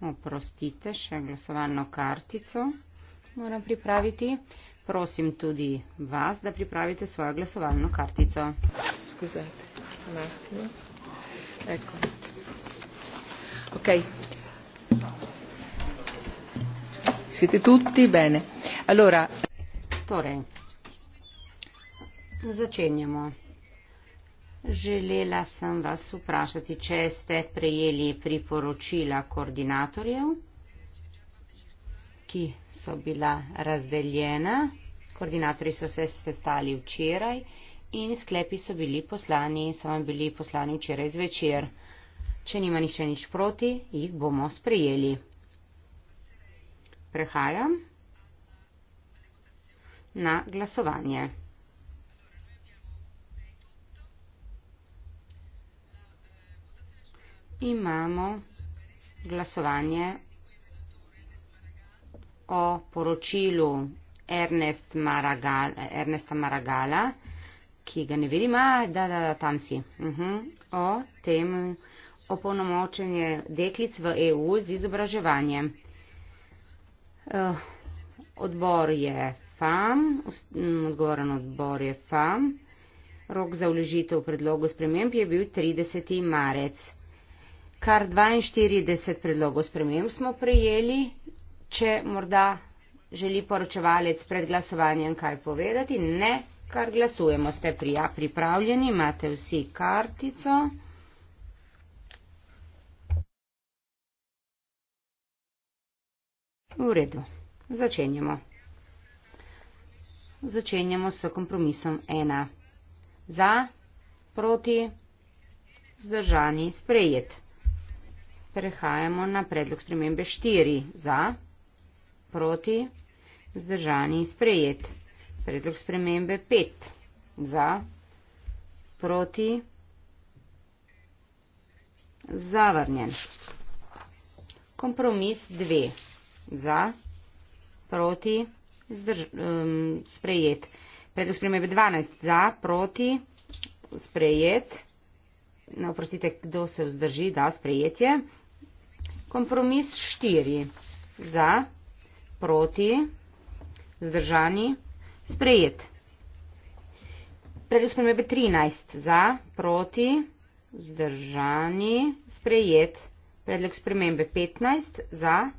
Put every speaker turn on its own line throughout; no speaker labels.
Oprostite, še glasovalno kartico moram pripraviti. Prosim tudi vas, da pripravite svojo glasovalno kartico. Skuzajte. Eko. Ok.
Siete tutti bene.
Allora. Torej, začenjamo. Želela sem vas vprašati, če ste prejeli priporočila koordinatorjev, ki so bila razdeljena. Koordinatorji so se sestali včeraj in sklepi so bili poslani, so vam bili poslani včeraj zvečer. Če nima nihče nič proti, jih bomo sprejeli. Prehajam na glasovanje. imamo glasovanje o poročilu Ernest Maragal, Ernesta Maragala, ki ga ne vidim, a da, da, da, tam si. Uh-huh. O tem, o polnomočenju deklic v EU z izobraževanjem. Uh, odbor je FAM, mm, odgovoren odbor je FAM. Rok za vložitev predlogu sprememb je bil 30. marec kar 42 predlogov sprememb smo prejeli. Če morda želi poročevalec pred glasovanjem kaj povedati, ne, kar glasujemo, ste prija pripravljeni, imate vsi kartico. V redu, začenjamo. Začenjamo s kompromisom 1. Za, proti, vzdržani, sprejet. Prehajamo na predlog spremembe 4. Za, proti, vzdržani in sprejet. Predlog spremembe 5. Za, proti, zavrnjen. Kompromis 2. Za, proti, zdrž, um, sprejet. Predlog spremembe 12. Za, proti, sprejet. Ne, no, oprostite, kdo se vzdrži, da, sprejet je. Kompromis štiri. Za, proti, vzdržani, sprejet. Predlog spremembe 13. Za, proti, vzdržani, sprejet. Predlog spremembe 15. Za,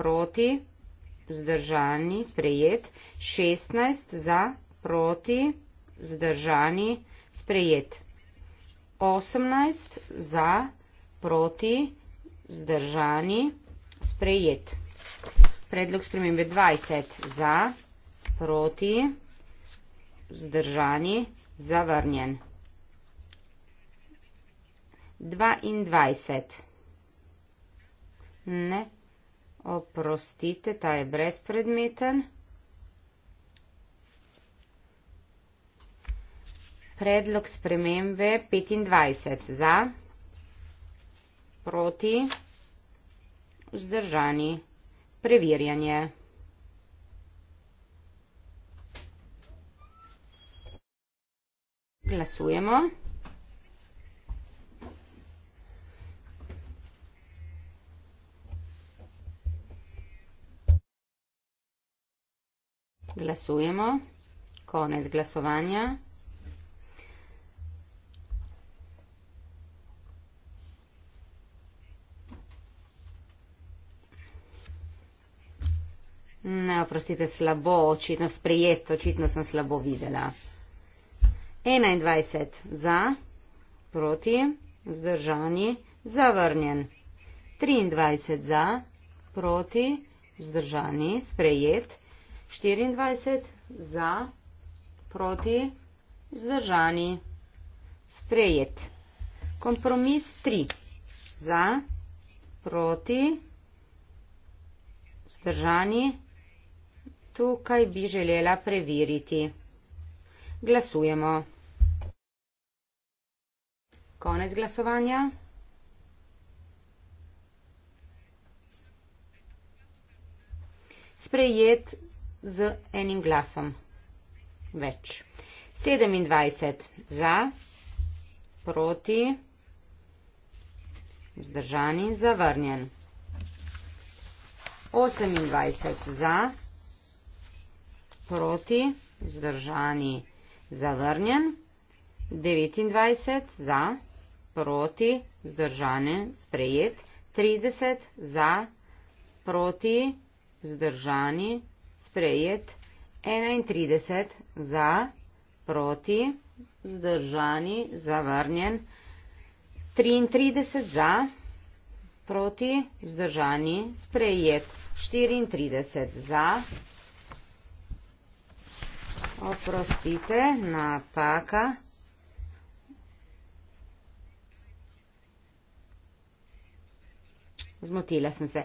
proti, vzdržani, sprejet. 16. Za, proti, vzdržani, sprejet. 18. Za, proti, vzdržani, sprejet zdržani, sprejet. Predlog spremembe 20 za, proti, zdržani, zavrnjen. 22. Ne, oprostite, ta je brezpredmeten. Predlog spremembe 25 za, proti, zdržani, zavrnjen proti vzdržani preverjanje. Glasujemo. Glasujemo. Konec glasovanja. oprostite, slabo, očitno sprejet, očitno sem slabo videla. 21 za, proti, vzdržani, zavrnjen. 23 za, proti, vzdržani, sprejet. 24 za, proti, vzdržani, sprejet. Kompromis 3 za, proti, vzdržani, sprejet tukaj bi želela preveriti. Glasujemo. Konec glasovanja. Sprejet z enim glasom. Več. 27 za, proti, vzdržani, zavrnjen. 28 za, proti proti, vzdržani, zavrnjen, 29 za, proti, vzdržani, sprejet, 30 za, proti, vzdržani, sprejet, 31 za, proti, vzdržani, zavrnjen, 33 za, proti, vzdržani, sprejet, 34 za, proti, vzdržani, sprejet, 34 za, Oprostite, napaka. Zmotila sem se.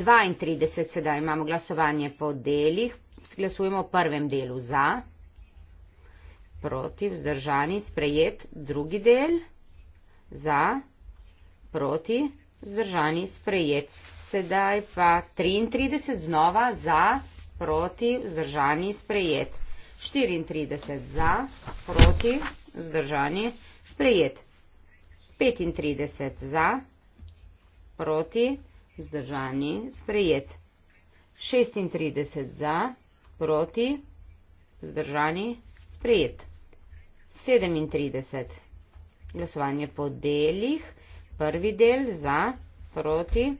32 sedaj imamo glasovanje po delih. Sglasujemo v prvem delu za, proti, vzdržani, sprejet, drugi del, za, proti, vzdržani, sprejet. Sedaj pa 33 znova za proti, vzdržani, sprejet. 34 za, proti, vzdržani, sprejet. 35 za, proti, vzdržani, sprejet. 36 za, proti, vzdržani, sprejet. 37. Glasovanje po delih. Prvi del za, proti,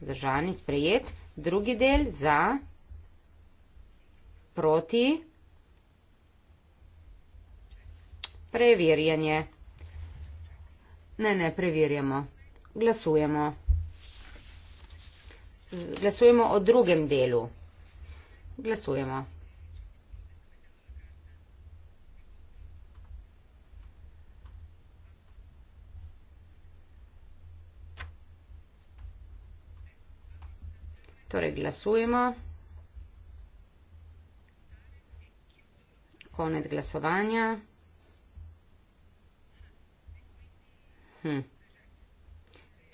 vzdržani, sprejet. Drugi del za, proti proti. Preverjanje. Ne, ne, preverjamo. Glasujemo. Glasujemo o drugem delu. Glasujemo. Torej glasujemo. konec glasovanja. Hm.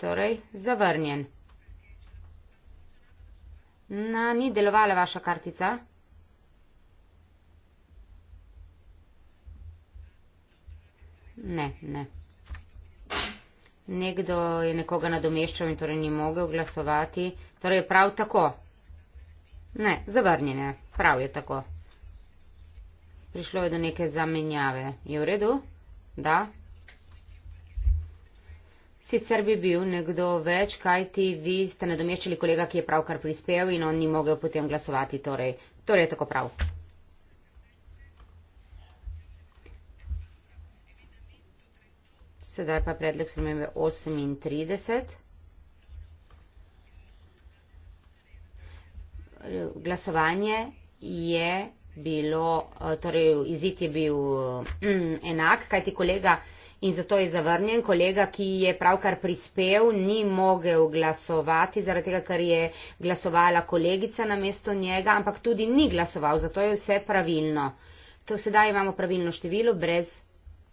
Torej, zavrnjen. Na, ni delovala vaša kartica? Ne, ne. Nekdo je nekoga nadomeščal in torej ni mogel glasovati. Torej, prav tako. Ne, zavrnjene. Prav je tako prišlo je do neke zamenjave. Je v redu? Da. Sicer bi bil nekdo več, kaj ti vi ste nadomeščali kolega, ki je pravkar prispel in on ni mogel potem glasovati. Torej, torej je tako prav. Sedaj pa predlog spremembe 38. Glasovanje je bilo, eh, torej izid je bil eh, mm, enak, kajti kolega in zato je zavrnjen, kolega, ki je pravkar prispel, ni mogel glasovati, zaradi tega, ker je glasovala kolegica na mesto njega, ampak tudi ni glasoval, zato je vse pravilno. To sedaj imamo pravilno število brez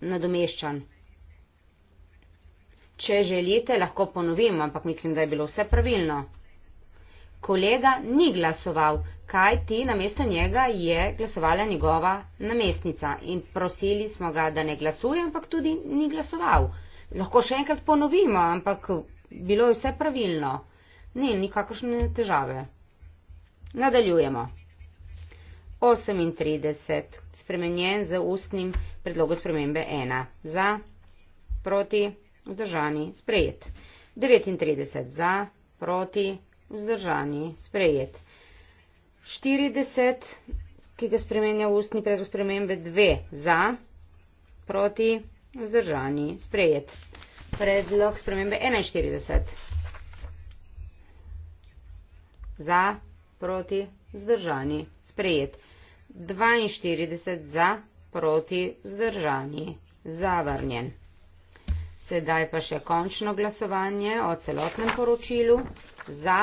nadomeščan. Če želite, lahko ponovim, ampak mislim, da je bilo vse pravilno kolega ni glasoval, kaj ti namesto njega je glasovala njegova namestnica in prosili smo ga, da ne glasuje, ampak tudi ni glasoval. Lahko še enkrat ponovimo, ampak bilo je vse pravilno. Ni nikakršne težave. Nadaljujemo. 38. Spremenjen z ustnim predlogom spremembe 1. Za, proti, vzdržani, sprejet. 39. Za, proti, vzdržani, sprejet. 40, ki ga spremenja ustni predlog spremembe, 2 za, proti, vzdržani, sprejet. Predlog spremembe 41. Za, proti, vzdržani, sprejet. 42 za, proti, vzdržani, zavrnjen. Sedaj pa še končno glasovanje o celotnem poročilu. Za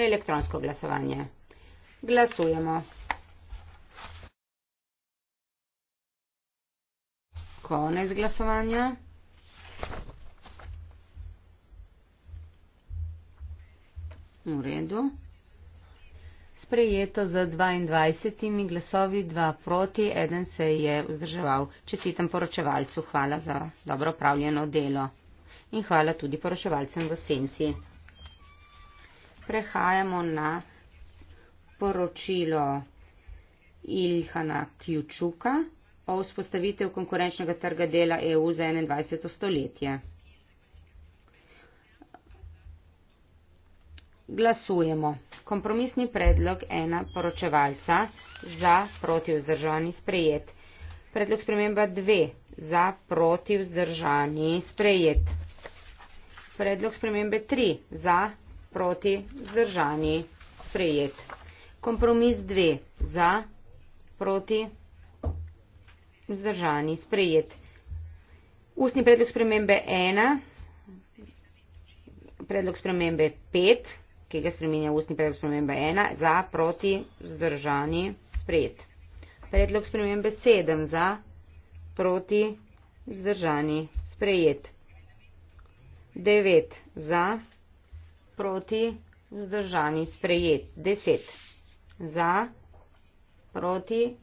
elektronsko glasovanje. Glasujemo. Konec glasovanja. V redu. Sprejeto za 22 glasovi, 2 proti, eden se je vzdrževal. Čestitam poročevalcu, hvala za dobro upravljeno delo. In hvala tudi poročevalcem v senci prehajamo na poročilo Ilhana Ključuka o vzpostavitev konkurenčnega trga dela EU za 21. stoletje. Glasujemo. Kompromisni predlog ena poročevalca za proti vzdržani sprejet. Predlog sprememba dve za proti vzdržani sprejet. Predlog spremembe tri za proti, vzdržani, sprejet. Kompromis 2, za, proti, vzdržani, sprejet. Ustni predlog spremembe 1, predlog spremembe 5, ki ga spremenja ustni predlog spremembe 1, za, proti, vzdržani, sprejet. Predlog spremembe 7, za, proti, vzdržani, sprejet. 9 za, proti, vzdržani, sprejet, deset, za, proti,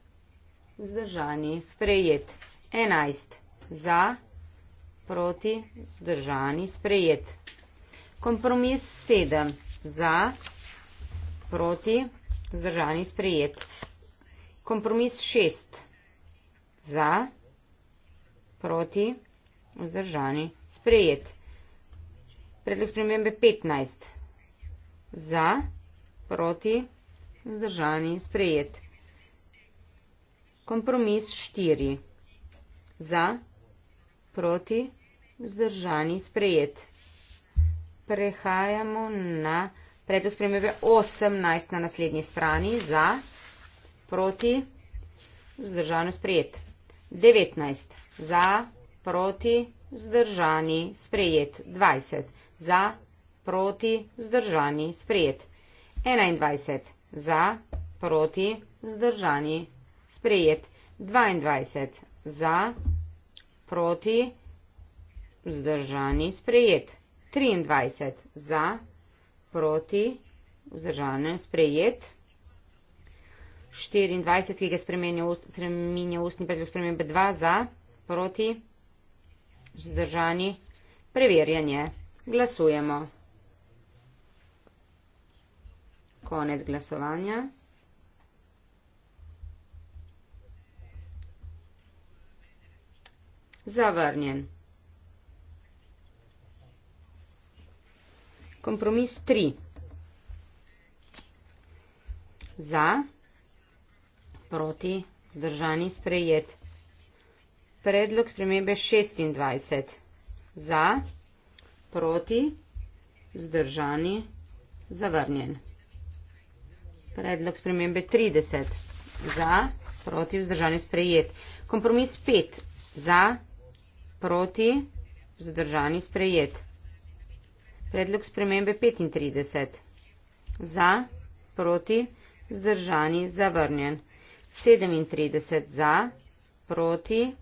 vzdržani, sprejet, enajst, za, proti, vzdržani, sprejet. Kompromis sedem, za, proti, vzdržani, sprejet. Kompromis šest, za, proti, vzdržani, sprejet. Predlog spremembe 15. Za, proti, zdržani, sprejet. Kompromis 4. Za, proti, zdržani, sprejet. Prehajamo na predlog spremembe 18 na naslednji strani. Za, proti, zdržani, sprejet. 19. Za, proti, zdržani, sprejet. 20 za, proti, vzdržani, sprejet. 21 za, proti, vzdržani, sprejet. 22 za, proti, vzdržani, sprejet. 23 za, proti, vzdržani, sprejet. 24, ki ga spremenja ustni predlog spremembe 2 za, proti, vzdržani, preverjanje glasujemo konec glasovanja zavrnjen kompromis 3 za proti zdržani sprejet predlog spremembe 26 za proti, vzdržani, zavrnjen. Predlog spremembe 30. Za, proti, vzdržani, sprejet. Kompromis 5. Za, proti, vzdržani, sprejet. Predlog spremembe 35. Za, proti, vzdržani, zavrnjen. 37. Za, proti,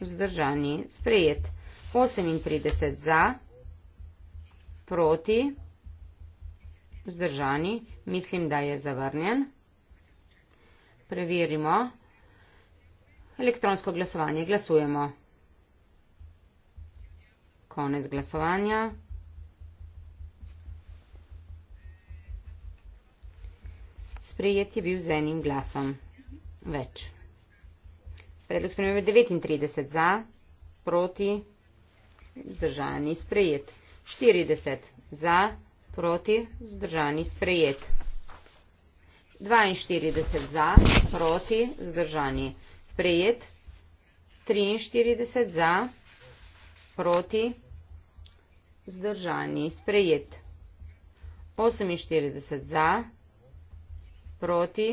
vzdržani, sprejet. 38. Za, proti, vzdržani, sprejet proti, vzdržani, mislim, da je zavrnjen. Preverimo elektronsko glasovanje, glasujemo. Konec glasovanja. Sprejet je bil z enim glasom več. Predlog spremembe 39 za, proti, vzdržani, sprejet štirideset za proti vzdržani sprejet dvainštirideset za proti vzdržani sprejet triinštirideset za proti vzdržani sprejet oseminštirideset za proti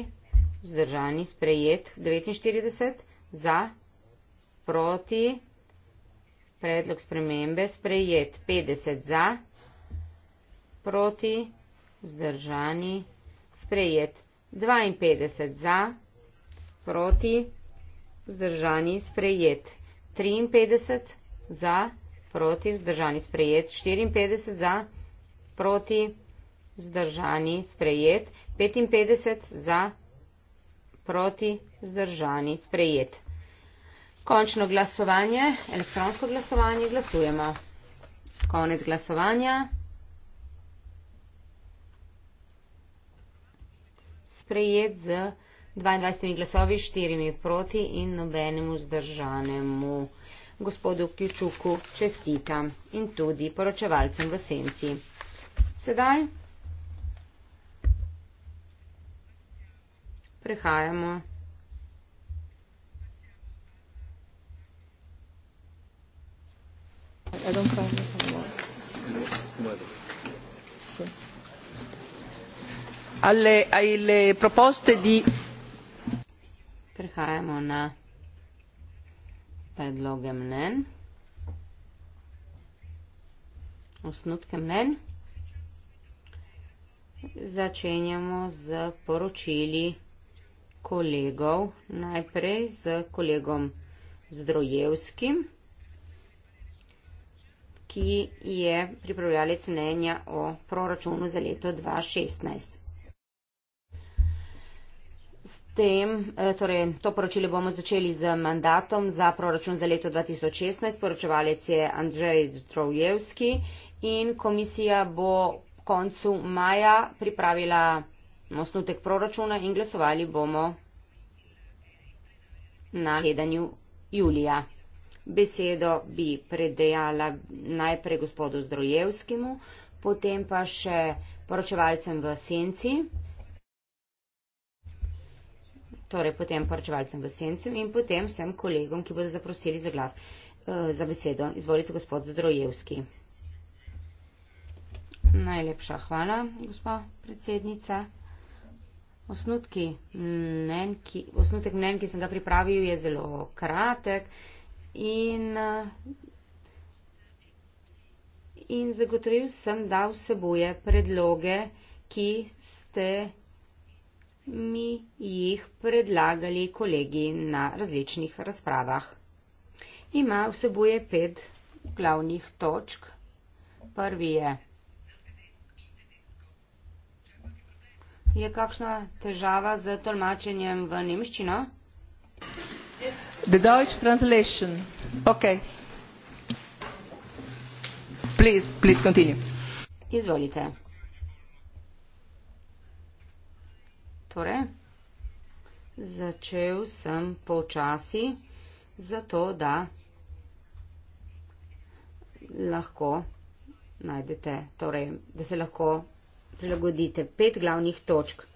vzdržani sprejet devetinštirideset za proti predlog spremembe sprejet 50 za, proti, vzdržani, sprejet 52 za, proti, vzdržani, sprejet 53 za, proti, vzdržani, sprejet 54 za, proti, vzdržani, sprejet 55 za, proti, vzdržani, sprejet končno glasovanje elektronsko glasovanje glasujemo konec glasovanja sprejet z dvaindvajsetimi glasovi štirimi proti in nobenemu zdržanemu gospodu Kjučuku čestitam in tudi poročevalcem v senci. Sedaj prehajamo
I don't find it sì. alle, alle proposte di
prehajamo na predloge mnen osnutke mnen začenjamo z poročili kolegov najprej z kolegom Zdrojevskim ki je pripravljalec mnenja o proračunu za leto 2016. S tem, eh, torej, to poročilo bomo začeli z mandatom za proračun za leto 2016. Poročevalec je Andrzej Trojevski in komisija bo koncu maja pripravila osnutek proračuna in glasovali bomo na hedanju julija besedo bi predejala najprej gospodu Zdrojevskemu, potem pa še poročevalcem v senci. Torej, potem poročevalcem v senci in potem vsem kolegom, ki bodo zaprosili za glas eh, za besedo. Izvolite, gospod Zdrojevski. Najlepša hvala, gospa predsednica. Osnutki, mnen, ki, osnutek mnen, ki sem ga pripravil, je zelo kratek in, eh, in zagotovil sem, da vsebuje predloge, ki ste mi jih predlagali kolegi na različnih razpravah. Ima vsebuje pet glavnih točk. Prvi je. Je kakšna težava z tolmačenjem v nemščino?
The Deutsch translation. Okay.
Please, please continue.
Izvolite. Torej, začel sem počasi, zato da lahko najdete, torej, da se lahko prilagodite pet glavnih točk.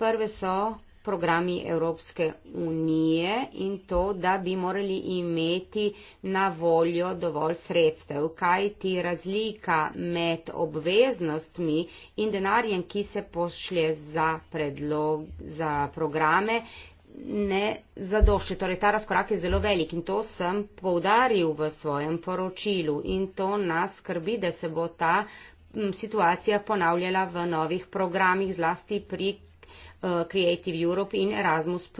Prve so programi Evropske unije in to, da bi morali imeti na voljo dovolj sredstev. Kaj ti razlika med obveznostmi in denarjem, ki se pošlje za, predlog, za programe, ne zadošče. Torej, ta razkorak je zelo velik in to sem poudaril v svojem poročilu in to nas skrbi, da se bo ta situacija ponavljala v novih programih, zlasti pri Eh, Creative Europe in Erasmus.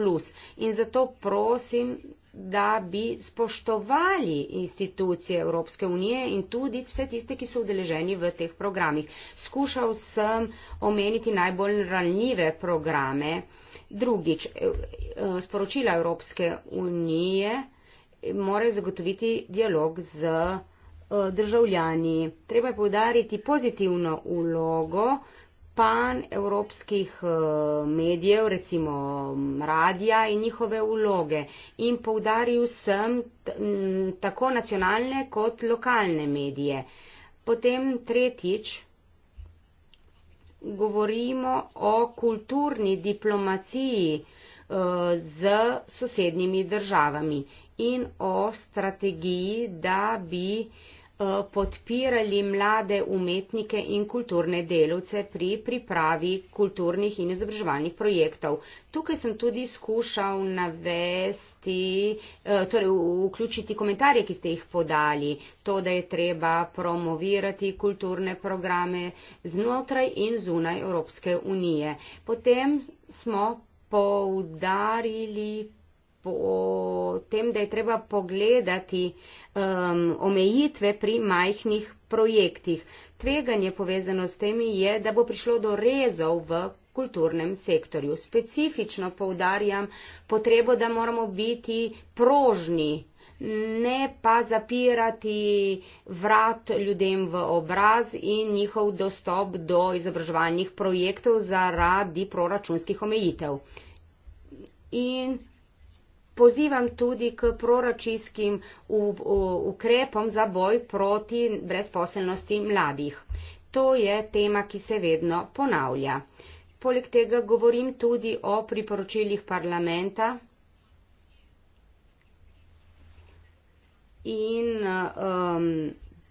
In zato prosim, da bi spoštovali institucije Evropske unije in tudi vse tiste, ki so udeleženi v teh programih. Skušal sem omeniti najbolj ranljive programe. Drugič, eh, eh, sporočila Evropske unije morajo zagotoviti dialog z državljani. Treba je povdariti pozitivno ulogo, panevropskih eh, medijev, recimo radija in njihove vloge. In poudaril sem tako nacionalne kot lokalne medije. Potem tretjič govorimo o kulturni diplomaciji eh, z sosednjimi državami in o strategiji, da bi uh, Eh, podpirali mlade umetnike in kulturne delovce pri pripravi kulturnih in izobraževalnih projektov. Tukaj sem tudi skušal navesti, eh, torej vključiti komentarje, ki ste jih podali, to, da je treba promovirati kulturne programe znotraj in zunaj Evropske unije. Potem smo poudarili o tem, da je treba pogledati um, omejitve pri majhnih projektih. Tveganje povezano s temi je, da bo prišlo do rezov v kulturnem sektorju. Specifično poudarjam potrebo, da moramo biti prožni, ne pa zapirati vrat ljudem v obraz in njihov dostop do izobraževalnih projektov zaradi proračunskih omejitev. In pozivam tudi k proračijskim ukrepom za boj proti brezposelnosti mladih. To je tema, ki se vedno ponavlja. Poleg tega govorim tudi o priporočilih parlamenta in um,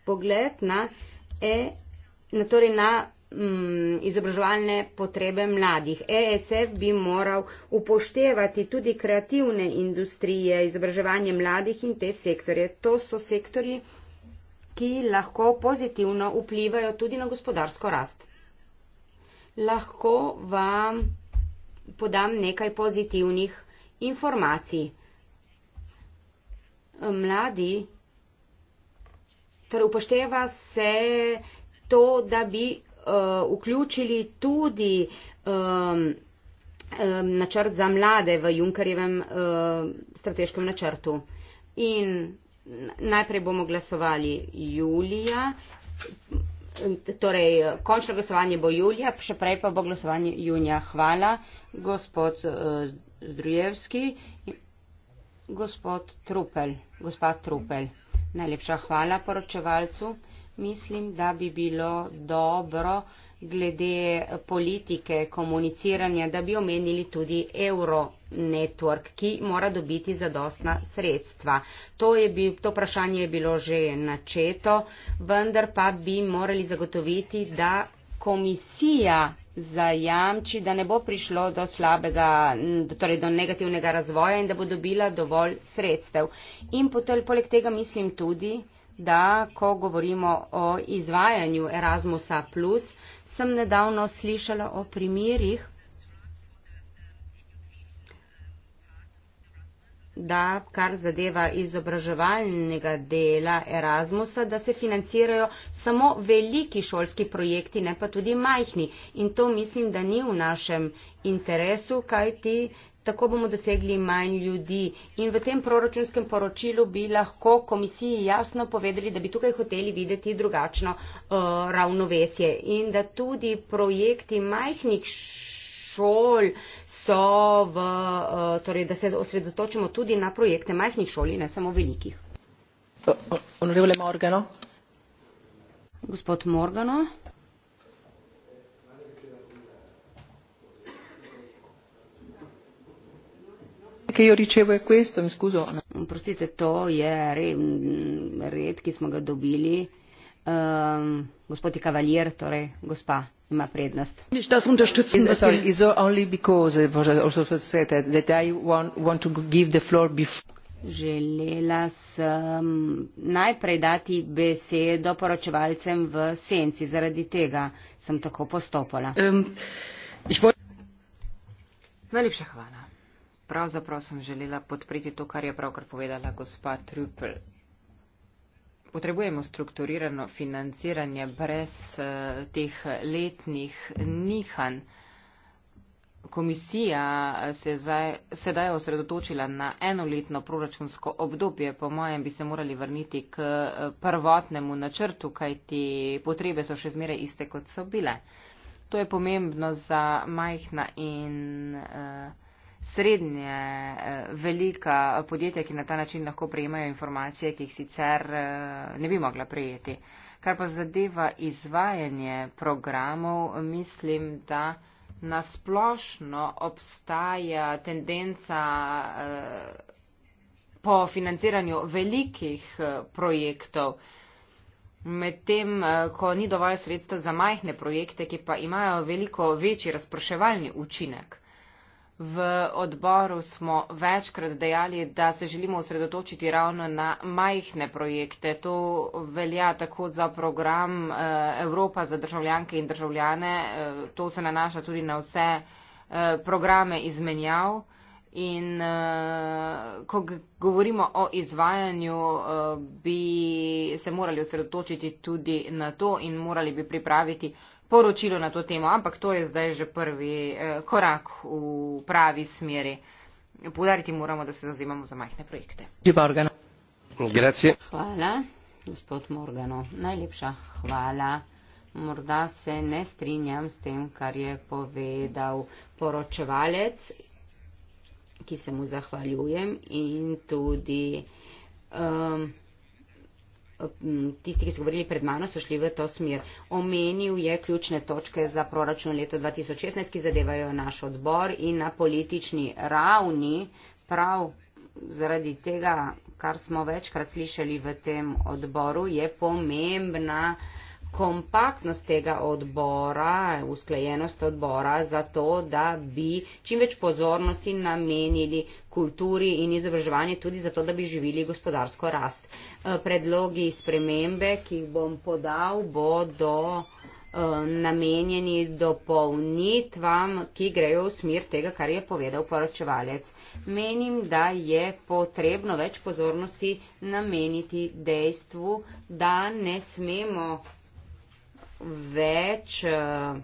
pogled na, e, na, torej na m, mm, izobraževalne potrebe mladih. ESF bi moral upoštevati tudi kreativne industrije, izobraževanje mladih in te sektorje. To so sektori, ki lahko pozitivno vplivajo tudi na gospodarsko rast. Lahko vam podam nekaj pozitivnih informacij. Mladi, torej upošteva se to, da bi Eh, vključili tudi načrt za mlade v Junckerjevem eh, strateškem načrtu. In najprej bomo glasovali julija, torej končno glasovanje bo julija, še prej pa bo glasovanje junija. Hvala, gospod eh, Zdrujevski. Gospod Trupel, gospod Trupel, najlepša hvala poročevalcu mislim, da bi bilo dobro glede politike komuniciranja, da bi omenili tudi euro network, ki mora dobiti zadostna sredstva. To, je bil, to vprašanje je bilo že načeto, vendar pa bi morali zagotoviti, da komisija zajamči, da ne bo prišlo do slabega, torej do negativnega razvoja in da bo dobila dovolj sredstev. In potem poleg tega mislim tudi, da ko govorimo o izvajanju Erasmusa, sem nedavno slišala o primerjih, da kar zadeva izobraževalnega dela Erasmusa, da se financirajo samo veliki šolski projekti, ne pa tudi majhni. In to mislim, da ni v našem interesu, kaj ti tako bomo dosegli manj ljudi. In v tem proračunskem poročilu bi lahko komisiji jasno povedali, da bi tukaj hoteli videti drugačno uh, ravnovesje in da tudi projekti majhnih šol, uh, so v, eh, torej, da se osredotočimo tudi na projekte majhnih šoli, ne samo velikih. Honorable Morgano. Gospod Morgano. Prostite, to je red, ki smo ga dobili um, gospod je kavalier, torej gospa ima prednost. Želela sem najprej dati besedo poročevalcem v senci, zaradi tega sem tako postopala. Ehm,
Najlepša hvala. Pravzaprav sem želela podpreti to, kar je pravkar povedala gospa Trupel potrebujemo strukturirano financiranje brez uh, teh letnih nihanj. Komisija eh, se zdaj, sedaj osredotočila na enoletno proračunsko obdobje, po mojem bi se morali vrniti k eh, prvotnemu načrtu, kajti potrebe so še zmeraj iste, kot so bile. To je pomembno za majhna in. Uh, srednje eh, velika podjetja, ki na ta način lahko prejemajo informacije, ki jih sicer eh, ne bi mogla prejeti. Kar pa zadeva izvajanje programov, mislim, da nasplošno obstaja tendenca eh, po financiranju velikih projektov. Medtem, ko ni dovolj sredstev za majhne projekte, ki pa imajo veliko večji razpraševalni učinek. V odboru smo večkrat dejali, da se želimo osredotočiti ravno na majhne projekte. To velja tako za program eh, Evropa za državljanke in državljane, eh, to se nanaša tudi na vse eh, programe izmenjav. In ko govorimo o izvajanju, bi se morali osredotočiti tudi na to in morali bi pripraviti poročilo na to temo, ampak to je zdaj že prvi eh, korak v pravi smeri. Povdariti moramo, da se zauzemamo za majhne projekte.
Hvala, gospod Morgano. Najlepša hvala. Morda se ne strinjam s tem, kar je povedal poročevalec, ki se mu zahvaljujem in tudi. Um, tisti ki so govorili pred mano so šli v to smer. Omenil je ključne točke za proračun leta 2016, ki zadevajo naš odbor in na politični ravni prav zaradi tega, kar smo večkrat slišali v tem odboru, je pomembna kompaktnost tega odbora, usklejenost odbora za to, da bi čim več pozornosti namenili kulturi in izobraževanju tudi zato, da bi živili gospodarsko rast. Eh, predlogi spremembe, ki jih bom podal, bodo eh, namenjeni dopolnitvam, ki grejo v smer tega, kar je povedal poročevalec. Menim, da je potrebno več pozornosti nameniti dejstvu, da ne smemo več uh,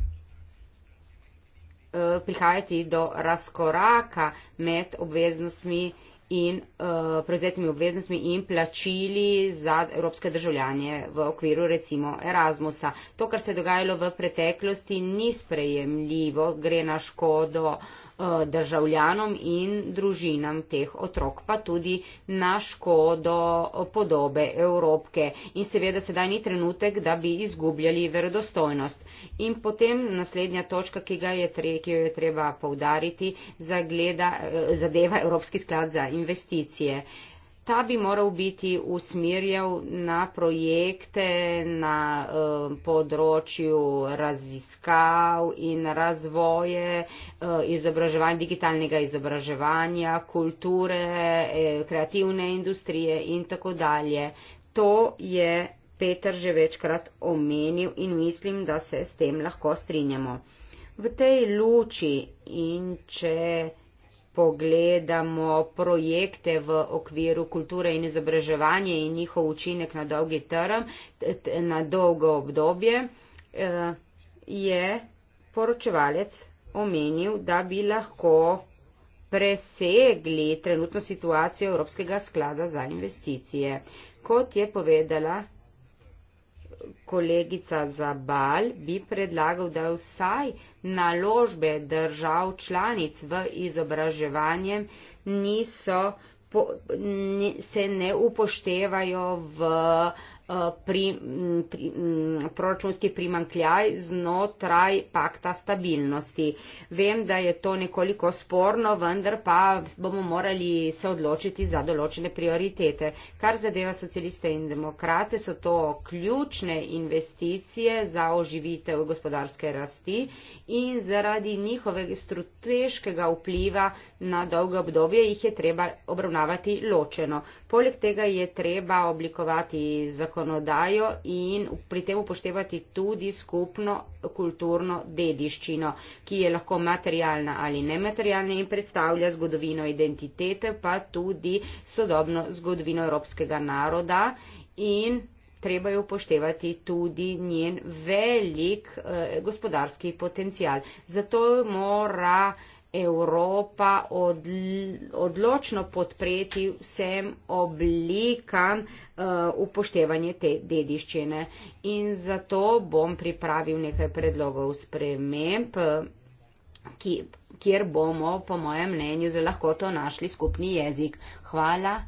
prihajati do razkoraka med obveznostmi in uh, prevzetimi obveznostmi in plačili za evropske državljanje v okviru recimo Erasmusa. To, kar se je dogajalo v preteklosti, ni sprejemljivo, gre na škodo uh, Eh, državljanom in družinam teh otrok, pa tudi na škodo podobe Evropke. In seveda sedaj ni trenutek, da bi izgubljali verodostojnost. In potem naslednja točka, ki, je tre, ki jo je treba poudariti, zagleda, eh, zadeva Evropski sklad za investicije ta bi moral biti usmerjal na projekte na eh, področju raziskav in razvoje eh, digitalnega izobraževanja, kulture, eh, kreativne industrije in tako dalje. To je Peter že večkrat omenil in mislim, da se s tem lahko strinjamo. V tej luči in če pogledamo projekte v okviru kulture in izobraževanja in njihov učinek na dolgi trm, na dolgo obdobje, eh, je poročevalec omenil, da bi lahko presegli trenutno situacijo Evropskega sklada za investicije. Kot je povedala kolegica Zabal, bi predlagal, da vsaj naložbe držav članic v izobraževanje niso, po, ni, se ne upoštevajo v uh, Eh, pri, pri, proračunski primankljaj znotraj pakta stabilnosti. Vem, da je to nekoliko sporno, vendar pa bomo morali se odločiti za določene prioritete. Kar zadeva socialiste in demokrate, so to ključne investicije za oživitev gospodarske rasti in zaradi njihovega strateškega vpliva na dolgo obdobje jih je treba obravnavati ločeno. Poleg tega je treba oblikovati zakonodajno zakonodajo in pri tem upoštevati tudi skupno kulturno dediščino, ki je lahko materialna ali nematerialna in predstavlja zgodovino identitete, pa tudi sodobno zgodovino evropskega naroda in treba je upoštevati tudi njen velik eh, gospodarski potencial. Zato mora Evropa odločno podpreti vsem oblikam eh, upoštevanje te dediščine. In zato bom pripravil nekaj predlogov sprememb, ki, kjer bomo, po mojem mnenju, zelo lahko to našli skupni jezik. Hvala,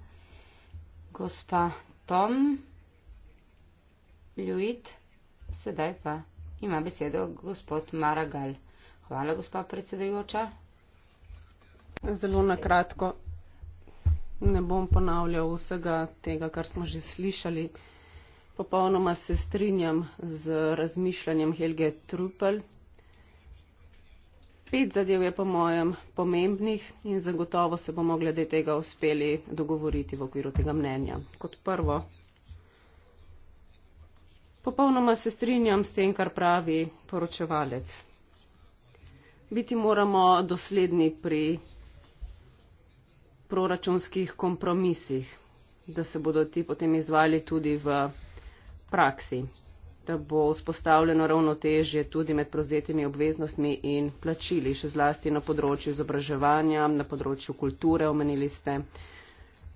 gospa Tom. Ljuit, sedaj pa
ima besedo gospod Maragal. Hvala, gospa predsedujoča. Zelo na kratko. Ne bom ponavljal vsega tega, kar smo že slišali. Popolnoma se strinjam z razmišljanjem Helge Trupel. Pet zadev je po mojem pomembnih in zagotovo se bomo glede tega uspeli dogovoriti v okviru tega mnenja. Kot prvo, popolnoma se strinjam s tem, kar pravi poročevalec. Biti moramo dosledni pri proračunskih kompromisih, da se bodo ti potem izvali tudi v praksi, da bo vzpostavljeno ravnotežje tudi med prozetimi obveznostmi in plačili, še zlasti na področju izobraževanja, na področju kulture, omenili ste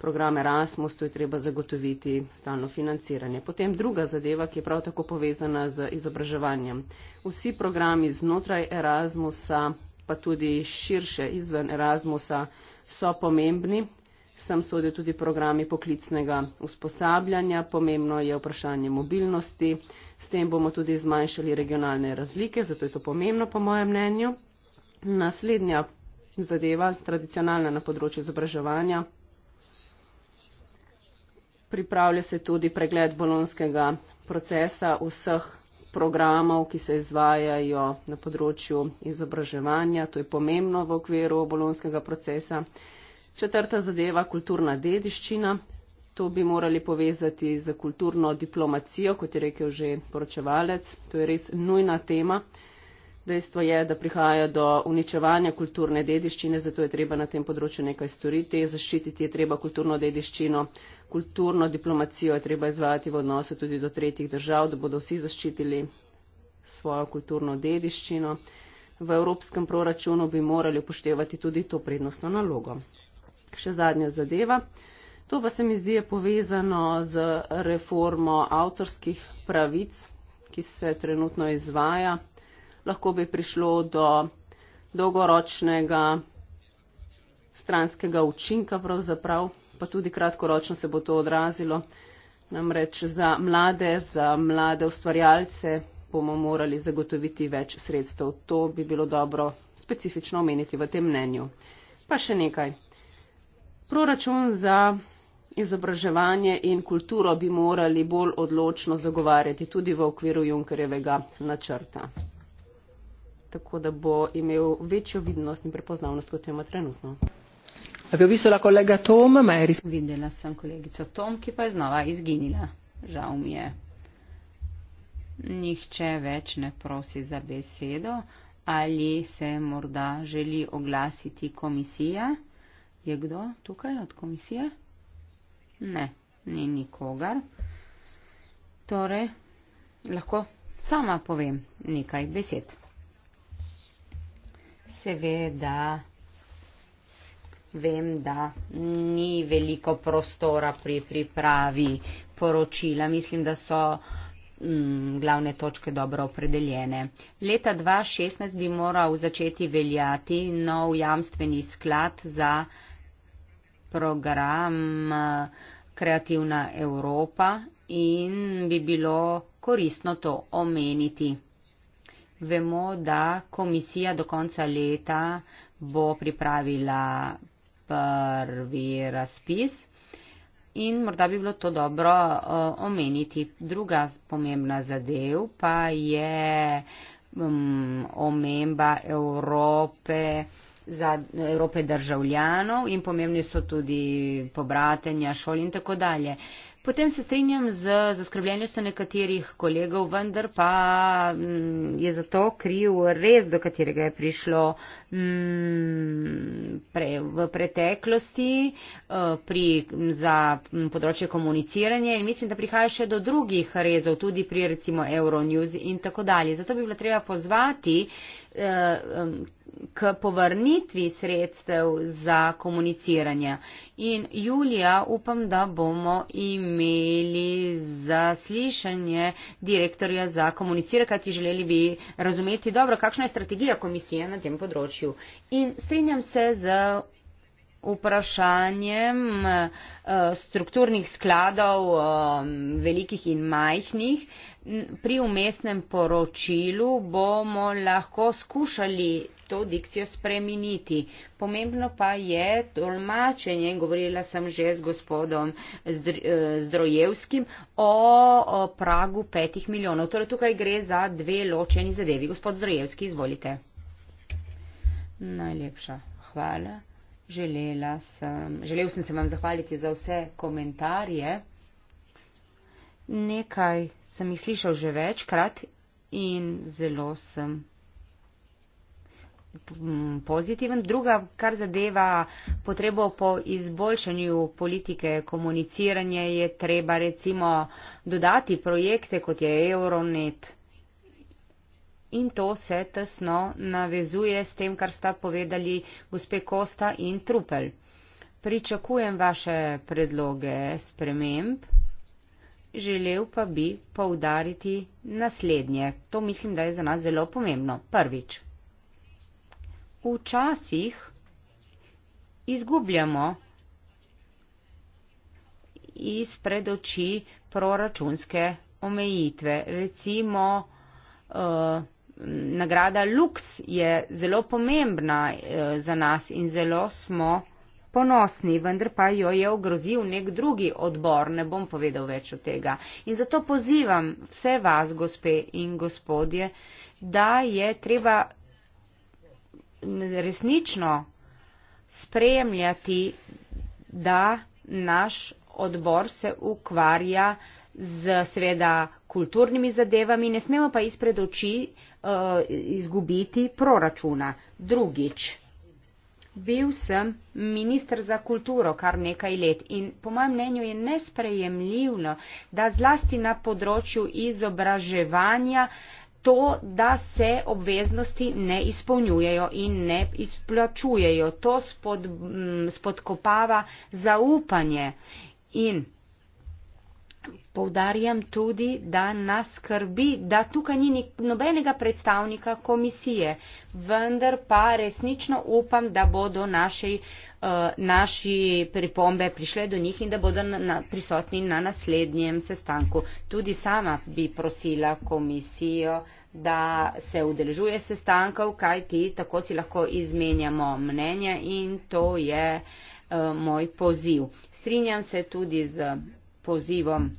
program Erasmus, tu je treba zagotoviti stalno financiranje. Potem druga zadeva, ki je prav tako povezana z izobraževanjem. Vsi programi znotraj Erasmusa, pa tudi širše izven Erasmusa, so pomembni. Sam sodijo tudi programi poklicnega usposabljanja, pomembno je vprašanje mobilnosti, s tem bomo tudi zmanjšali regionalne razlike, zato je to pomembno po mojem mnenju. Naslednja zadeva, tradicionalna na področju izobraževanja, pripravlja se tudi pregled bolonskega procesa vseh programov, ki se izvajajo na področju izobraževanja. To je pomembno v okviru bolonskega procesa. Četrta zadeva, kulturna dediščina. To bi morali povezati z kulturno diplomacijo, kot je rekel že poročevalec. To je res nujna tema. Dejstvo je, da prihaja do uničevanja kulturne dediščine, zato je treba na tem področju nekaj storiti. Zaščititi je treba kulturno dediščino, kulturno diplomacijo je treba izvajati v odnosu tudi do tretjih držav, da bodo vsi zaščitili svojo kulturno dediščino. V evropskem proračunu bi morali upoštevati tudi to prednostno nalogo. Še zadnja zadeva. To pa se mi zdi je povezano z reformo avtorskih pravic, ki se trenutno izvaja lahko bi prišlo do dolgoročnega stranskega učinka pravzaprav, pa tudi kratkoročno se bo to odrazilo. Namreč za mlade, za mlade ustvarjalce bomo morali zagotoviti več sredstev. To bi bilo dobro specifično omeniti v tem mnenju. Pa še nekaj. Proračun za izobraževanje in kulturo bi morali bolj odločno zagovarjati tudi v okviru Junkerjevega načrta tako da bo imel večjo vidnost in prepoznavnost, kot jo ima trenutno. Tom, res...
Videla sem kolegico Tom, ki pa je znova izginila. Žal mi je. Nihče več ne prosi za besedo. Ali se morda želi oglasiti komisija? Je kdo tukaj od komisije? Ne, ni nikogar. Torej, lahko sama povem nekaj besed seveda vem, da ni veliko prostora pri pripravi poročila. Mislim, da so mm, glavne točke dobro opredeljene. Leta 2016 bi moral začeti veljati nov jamstveni sklad za program Kreativna Evropa in bi bilo koristno to omeniti. Vemo, da komisija do konca leta bo pripravila prvi razpis in morda bi bilo to dobro uh, omeniti. Druga pomembna zadev pa je um, omemba Evrope za Evrope državljanov in pomembni so tudi pobratenja šol in tako dalje. Uh, Potem se strinjam z zaskrbljenostjo nekaterih kolegov, vendar pa mm, je za to kriv res, do katerega je prišlo mm, pre, v preteklosti eh, pri, za področje komuniciranja in mislim, da prihaja še do drugih rezov, tudi pri recimo Euronews in tako dalje. Zato bi bilo treba pozvati Eh, k povrnitvi sredstev za komuniciranje. In julija upam, da bomo imeli zaslišanje direktorja za komuniciranje, kajti želeli bi razumeti dobro, kakšna je strategija komisije na tem področju. In strinjam se z vprašanjem eh, strukturnih skladov eh, velikih in majhnih. Pri umestnem poročilu bomo lahko skušali to dikcijo spremeniti. Pomembno pa je tolmačenje, govorila sem že z gospodom eh, Zdrojevskim, o pragu petih milijonov. Torej tukaj gre za dve ločeni zadevi. Gospod Zdrojevski, izvolite. Najlepša hvala. Želela sem, želel sem se vam zahvaliti za vse komentarje. Nekaj sem jih slišal že večkrat in zelo sem mm, pozitiven. Druga, kar zadeva potrebo po izboljšanju politike komuniciranja, je treba recimo dodati projekte, kot je Euronet in to se tesno navezuje s tem, kar sta povedali gospe Kosta in Trupel. Pričakujem vaše predloge sprememb, želel pa bi poudariti naslednje. To mislim, da je za nas zelo pomembno. Prvič. Včasih izgubljamo iz pred oči proračunske omejitve. Recimo, uh, nagrada Lux je zelo pomembna eh, za nas in zelo smo ponosni, vendar pa jo je ogrozil nek drugi odbor, ne bom povedal več o tega. In zato pozivam vse vas, gospe in gospodje, da je treba resnično spremljati, da naš odbor se ukvarja z seveda kulturnimi zadevami, ne smemo pa izpred oči uh, izgubiti proračuna. Drugič, bil sem minister za kulturo kar nekaj let in po mojem mnenju je nesprejemljivo, da zlasti na področju izobraževanja to, da se obveznosti ne izpolnjujejo in ne izplačujejo. To spod, spodkopava zaupanje. In Povdarjam tudi, da nas skrbi, da tukaj ni nobenega predstavnika komisije, vendar pa resnično upam, da bodo naši, uh, naši pripombe prišle do njih in da bodo na, na, prisotni na naslednjem sestanku. Tudi sama bi prosila komisijo, da se udeležuje sestankov, kaj ti, tako si lahko izmenjamo mnenja in to je uh, moj poziv. Strinjam se tudi z pozivom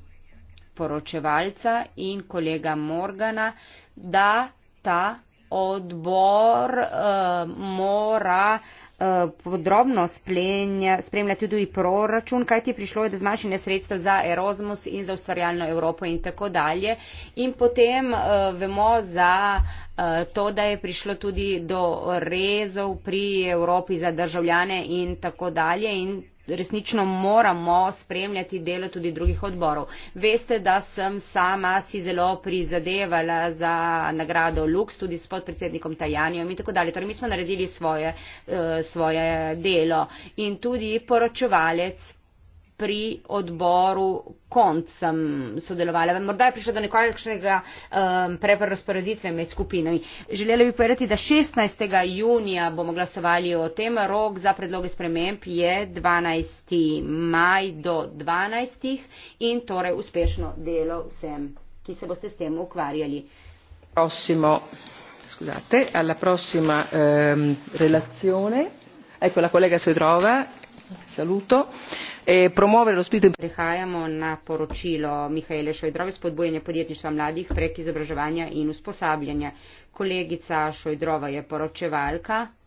poročevalca in kolega Morgana, da ta odbor uh, mora uh, podrobno splenja, spremljati tudi proračun, kaj ti prišlo je do zmanjšanja sredstev za Erasmus in za ustvarjalno Evropo in tako dalje. In potem uh, vemo za uh, to, da je prišlo tudi do rezov pri Evropi za državljane in tako dalje. In resnično moramo spremljati delo tudi drugih odborov. Veste, da sem sama si zelo prizadevala za nagrado Lux, tudi s podpredsednikom Tajanjem in tako dalje. Torej, mi smo naredili svoje, eh, svoje delo in tudi poročevalec pri odboru koncem sodelovala. Morda je prišlo do nekakšnega um, preprerasporeditve med skupinami. Želela bi povedati, da 16. junija bomo glasovali o tem. Rok za predloge sprememb je 12. maj do 12. in torej uspešno delo vsem, ki se boste s tem ukvarjali.
Prosimo, scusate, alla prossima um, relazione. Ecco la collega
Sedrova. E, prehajamo na poročilo mihaele šojdrove spodbujanje podjetništva mladih prek izobraževanja in usposabljanja. kolegica šojdrova je poročevalka na področju podjetništva mladih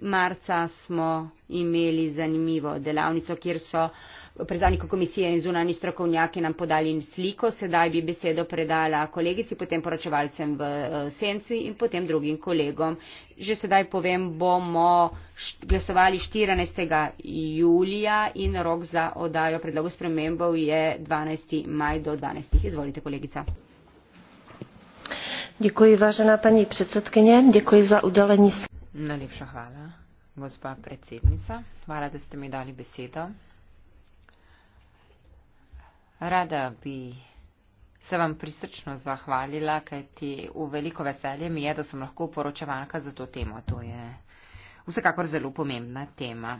marca smo imeli zanimivo delavnico, kjer so predstavniki komisije in zunani strokovnjaki nam podali sliko, sedaj bi besedo predala kolegici, potem poročevalcem v eh, senci in potem drugim kolegom. Že sedaj povem, bomo glasovali 14. julija in rok za odajo predlogu spremembov je 12. maj do 12. Izvolite, kolegica.
Děkuji, vážená paní předsedkyně, děkuji za udelení slova.
Najlepša hvala, gospa predsednica. Hvala, da ste mi dali besedo. Rada bi se vam prisrčno zahvalila, kajti v veliko veselje mi je, da sem lahko poročevalka za to temo. To je vsekakor zelo pomembna tema.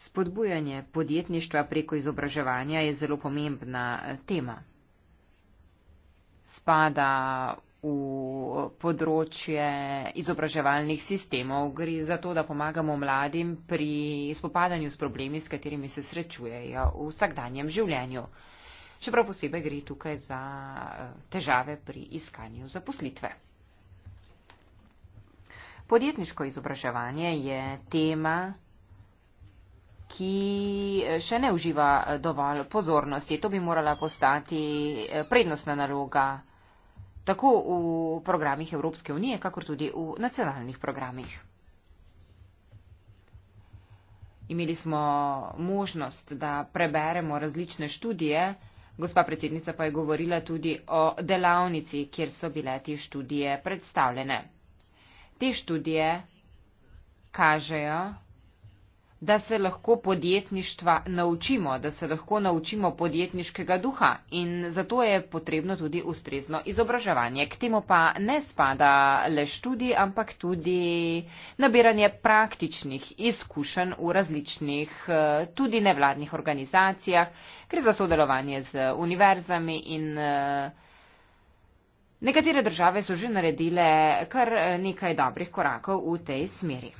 Spodbujanje podjetništva preko izobraževanja je zelo pomembna eh, tema. Spada v področje izobraževalnih sistemov, gre za to, da pomagamo mladim pri spopadanju s problemi, s katerimi se srečujejo v vsakdanjem življenju. Še prav posebej gre tukaj za eh, težave pri iskanju zaposlitve. Podjetniško izobraževanje je tema, ki eh, še ne uživa eh, dovolj pozornosti. To bi morala postati prednostna naloga tako v programih Evropske unije, kakor tudi v nacionalnih programih. Imeli smo možnost, da preberemo različne študije, gospa predsednica pa je govorila tudi o delavnici, kjer so bile te študije predstavljene. Te študije kažejo, da se lahko podjetništva naučimo, da se lahko naučimo podjetniškega duha in zato je potrebno tudi ustrezno izobraževanje. K temu pa ne spada le študij, ampak tudi nabiranje praktičnih izkušenj v različnih eh, tudi nevladnih organizacijah, gre za sodelovanje z univerzami in eh, nekatere države so že naredile kar eh, nekaj dobrih korakov v tej smeri.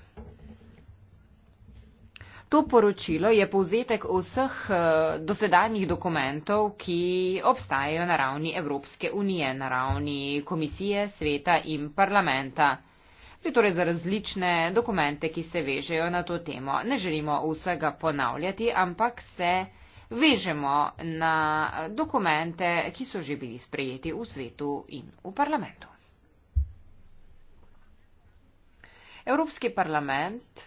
To poročilo je povzetek vseh eh, dosedanjih dokumentov, ki obstajajo na ravni Evropske unije, na ravni komisije, sveta in parlamenta. Gre torej za različne dokumente, ki se vežejo na to temo. Ne želimo vsega ponavljati, ampak se vežemo na dokumente, ki so že bili sprejeti v svetu in v parlamentu. Evropski parlament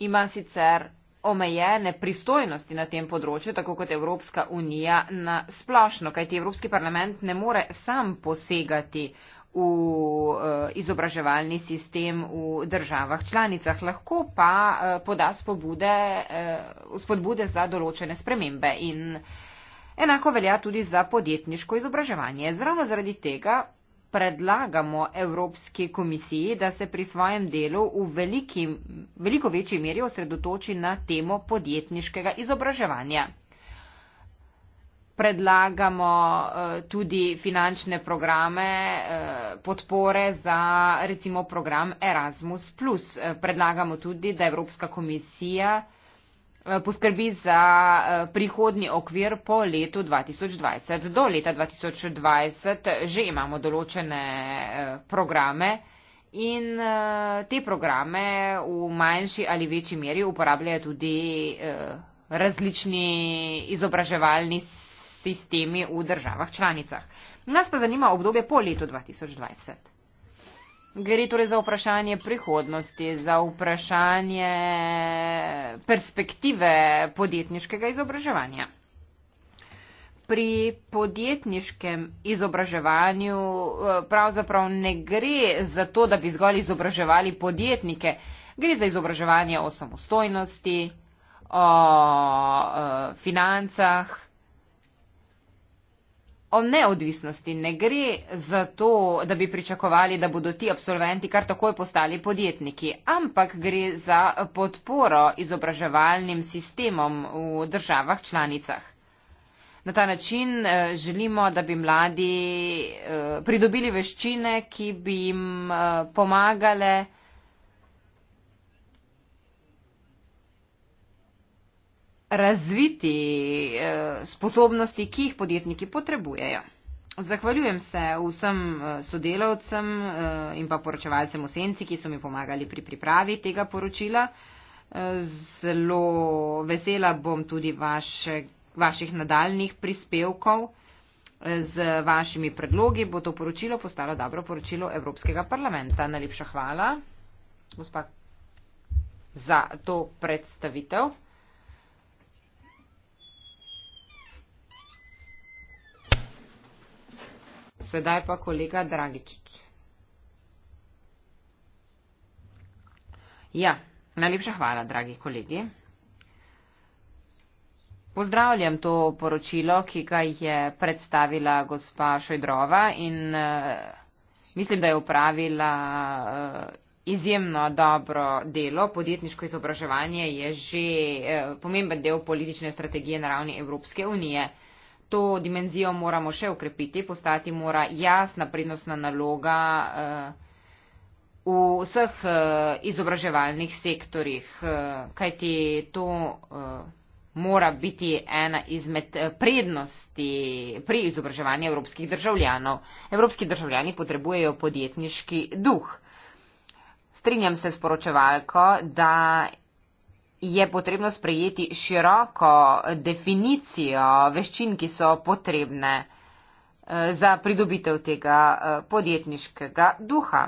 ima sicer omejene pristojnosti na tem področju, tako kot Evropska unija na splošno, kajti Evropski parlament ne more sam posegati v eh, izobraževalni sistem v državah članicah, lahko pa eh, poda spobude, eh, spodbude za določene spremembe. In enako velja tudi za podjetniško izobraževanje. Zravno zaradi tega predlagamo Evropski komisiji, da se pri svojem delu v veliki, veliko večji meri osredotoči na temo podjetniškega izobraževanja. Predlagamo eh, tudi finančne programe eh, podpore za recimo program Erasmus. Eh, predlagamo tudi, da Evropska komisija Eh, poskrbi za eh, prihodni okvir po letu 2020. Do leta 2020 že imamo določene eh, programe in te programe v manjši ali večji meri uporabljajo tudi različni izobraževalni sistemi v državah članicah. Nas pa zanima obdobje po letu 2020. Gre torej za vprašanje prihodnosti, za vprašanje perspektive podjetniškega izobraževanja. Pri podjetniškem izobraževanju eh, pravzaprav ne gre za to, da bi zgolj izobraževali podjetnike. Gre za izobraževanje o samostojnosti, o, o eh, financah, o neodvisnosti ne gre za to, da bi pričakovali, da bodo ti absolventi kar takoj postali podjetniki, ampak gre za podporo izobraževalnim sistemom v državah članicah. Na ta način eh, želimo, da bi mladi eh, pridobili veščine, ki bi jim eh, pomagale, razviti eh, sposobnosti, ki jih podjetniki potrebujejo. Zahvaljujem se vsem eh, sodelavcem eh, in pa poročevalcem v senci, ki so mi pomagali pri pripravi tega poročila. Zelo vesela bom tudi vaše, vaših nadaljnih prispevkov. Z vašimi predlogi bo to poročilo postalo dobro poročilo Evropskega parlamenta. Najlepša hvala, gospa, za to predstavitev. Sedaj pa kolega Dragičič. Ja, najlepša hvala, dragi kolegi. Pozdravljam to poročilo, ki ga je predstavila gospa Šojdrova in uh, mislim, da je upravila uh, eh, izjemno dobro delo. Podjetniško izobraževanje je že uh, pomemben del politične strategije na ravni Evropske unije. Uh, to dimenzijo moramo še ukrepiti, postati mora jasna prednostna naloga eh, v vseh eh, izobraževalnih sektorjih, eh, kajti to mora biti ena izmed prednosti pri izobraževanju evropskih državljanov. Evropski državljani potrebujejo podjetniški duh. Strinjam se s poročevalko, da je potrebno sprejeti široko definicijo veščin, ki so potrebne eh, za pridobitev tega eh, podjetniškega duha.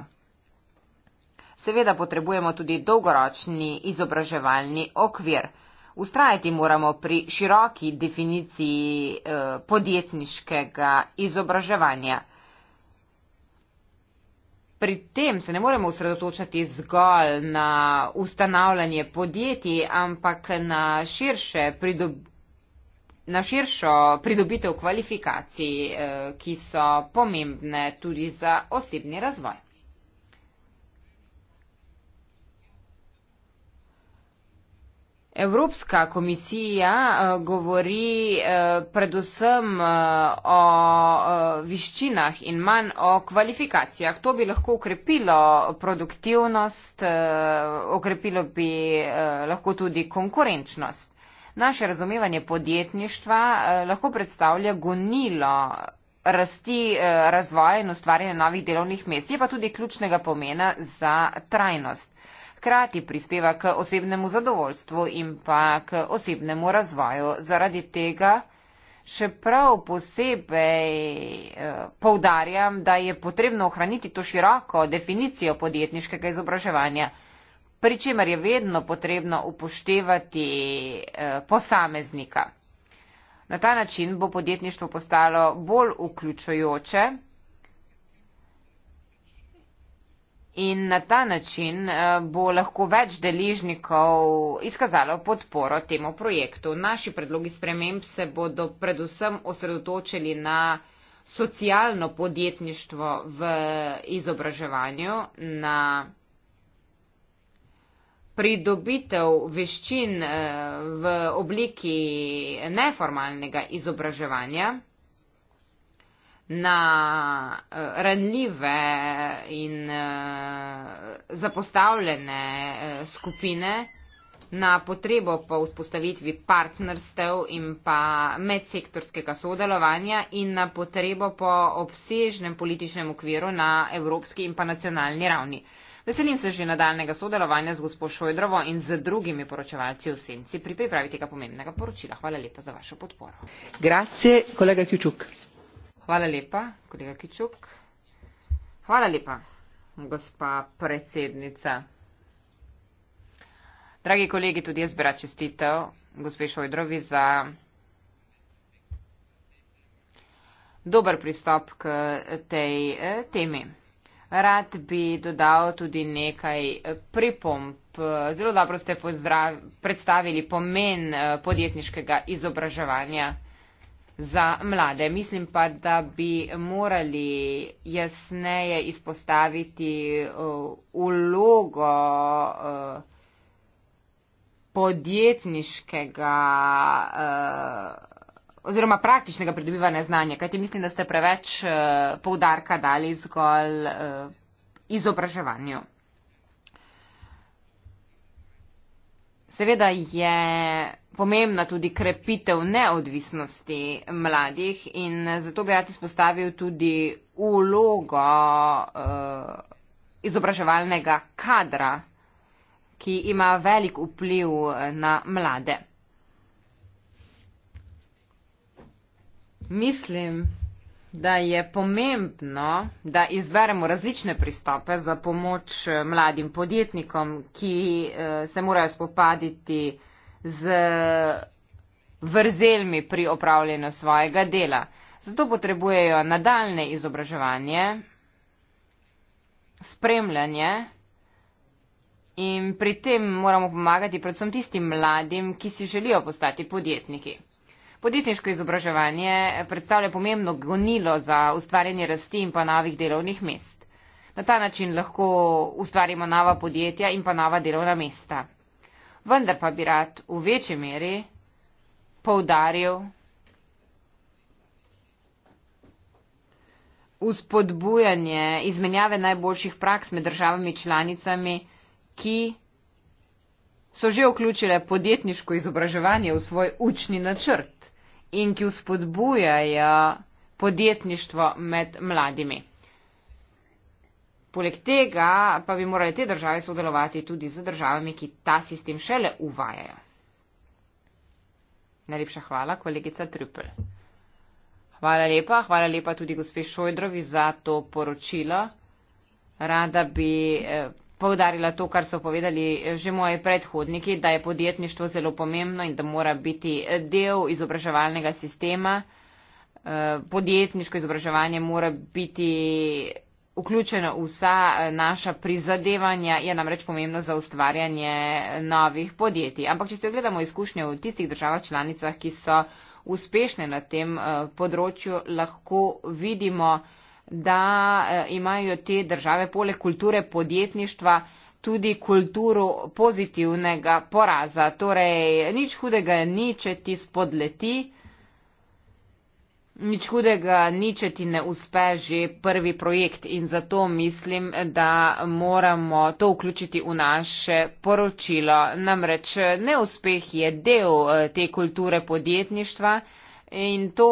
Seveda potrebujemo tudi dolgoročni izobraževalni okvir. Ustrajati moramo pri široki definiciji eh, podjetniškega izobraževanja pri tem se ne moremo osredotočati zgolj na ustanavljanje podjetij, ampak na, širše, pridob, na širšo pridobitev kvalifikacij, eh, ki so pomembne tudi za osebni razvoj. Evropska komisija eh, govori eh, predvsem eh, o viščinah in manj o kvalifikacijah. To bi lahko ukrepilo produktivnost, ukrepilo bi lahko tudi konkurenčnost. Naše razumevanje podjetništva lahko predstavlja gonilo rasti razvoja in ustvarjanja novih delovnih mest, je pa tudi ključnega pomena za trajnost krati prispeva k osebnemu zadovoljstvu in pa k osebnemu razvoju. Zaradi tega še prav posebej eh, poudarjam, da je potrebno ohraniti to široko definicijo podjetniškega izobraževanja, pri čemer je vedno potrebno upoštevati eh, posameznika. Na ta način bo podjetništvo postalo bolj vključujoče. In na ta način eh, bo lahko več deležnikov izkazalo podporo temu projektu. Naši predlogi sprememb se bodo predvsem osredotočili na socialno podjetništvo v izobraževanju, na pridobitev veščin eh, v obliki neformalnega izobraževanja na eh, ranljive in eh, zapostavljene eh, skupine, na potrebo po vzpostavitvi partnerstev in pa medsektorskega sodelovanja in na potrebo po obsežnem političnem okviru na evropski in pa nacionalni ravni. Veselim se že nadaljnega sodelovanja z gospod Šojdrovo in z drugimi poročevalci v Senci pri pripravi tega pomembnega poročila. Hvala lepa za vašo podporo. Grazie, kolega Kjučuk. Hvala lepa, kolega Kičuk. Hvala lepa, gospa predsednica. Dragi kolegi, tudi jaz bi rad čestitev gospe Šojdrovi za dober pristop k tej eh, temi. Rad bi dodal tudi nekaj pripomp. Zelo dobro ste predstavili pomen eh, podjetniškega izobraževanja za mlade. Mislim pa, da bi morali jasneje izpostaviti uh, ulogo uh, podjetniškega uh, oziroma praktičnega pridobivanja znanja, kajti mislim, da ste preveč poudarka dali zgolj izobraževanju. Seveda je pomembna tudi krepitev neodvisnosti mladih in zato bi rad izpostavil tudi ulogo uh, izobraževalnega kadra, ki ima velik vpliv na mlade. Mislim, da je pomembno, da izberemo različne pristope za pomoč eh, mladim podjetnikom, ki eh, se morajo spopaditi z vrzelmi pri opravljanju svojega dela. Zato potrebujejo nadaljne izobraževanje, spremljanje in pri tem moramo pomagati predvsem tistim mladim, ki si želijo postati podjetniki. Podjetniško izobraževanje predstavlja pomembno gonilo za ustvarjanje rasti in pa novih delovnih mest. Na ta način lahko ustvarimo nova podjetja in pa nova delovna mesta. Vendar pa bi rad v večji meri poudaril uspodbujanje izmenjave najboljših praks med državami članicami, ki so že vključile podjetniško izobraževanje v svoj učni načrt in ki vzpodbujajo podjetništvo med mladimi. Poleg tega pa bi morali te države sodelovati tudi z državami, ki ta sistem šele uvajajo. Najlepša hvala, kolegica Trupel. Hvala lepa, hvala lepa tudi gospe Šojdrovi za to poročilo. Rada bi eh, povdarila to, kar so povedali eh, že moji predhodniki, da je podjetništvo zelo pomembno in da mora biti eh, del izobraževalnega sistema. Eh, podjetniško izobraževanje mora biti vključeno v vsa naša prizadevanja, je namreč pomembno za ustvarjanje novih podjetij. Ampak, če se ogledamo izkušnje v tistih državah članicah, ki so uspešne na tem področju, lahko vidimo, da e, imajo te države poleg kulture podjetništva tudi kulturo pozitivnega poraza. Torej, nič hudega ni, če ti spodleti, nič hudega ni, če ti ne uspe že prvi projekt in zato mislim, da moramo to vključiti v naše poročilo. Namreč neuspeh je del e, te kulture podjetništva. In to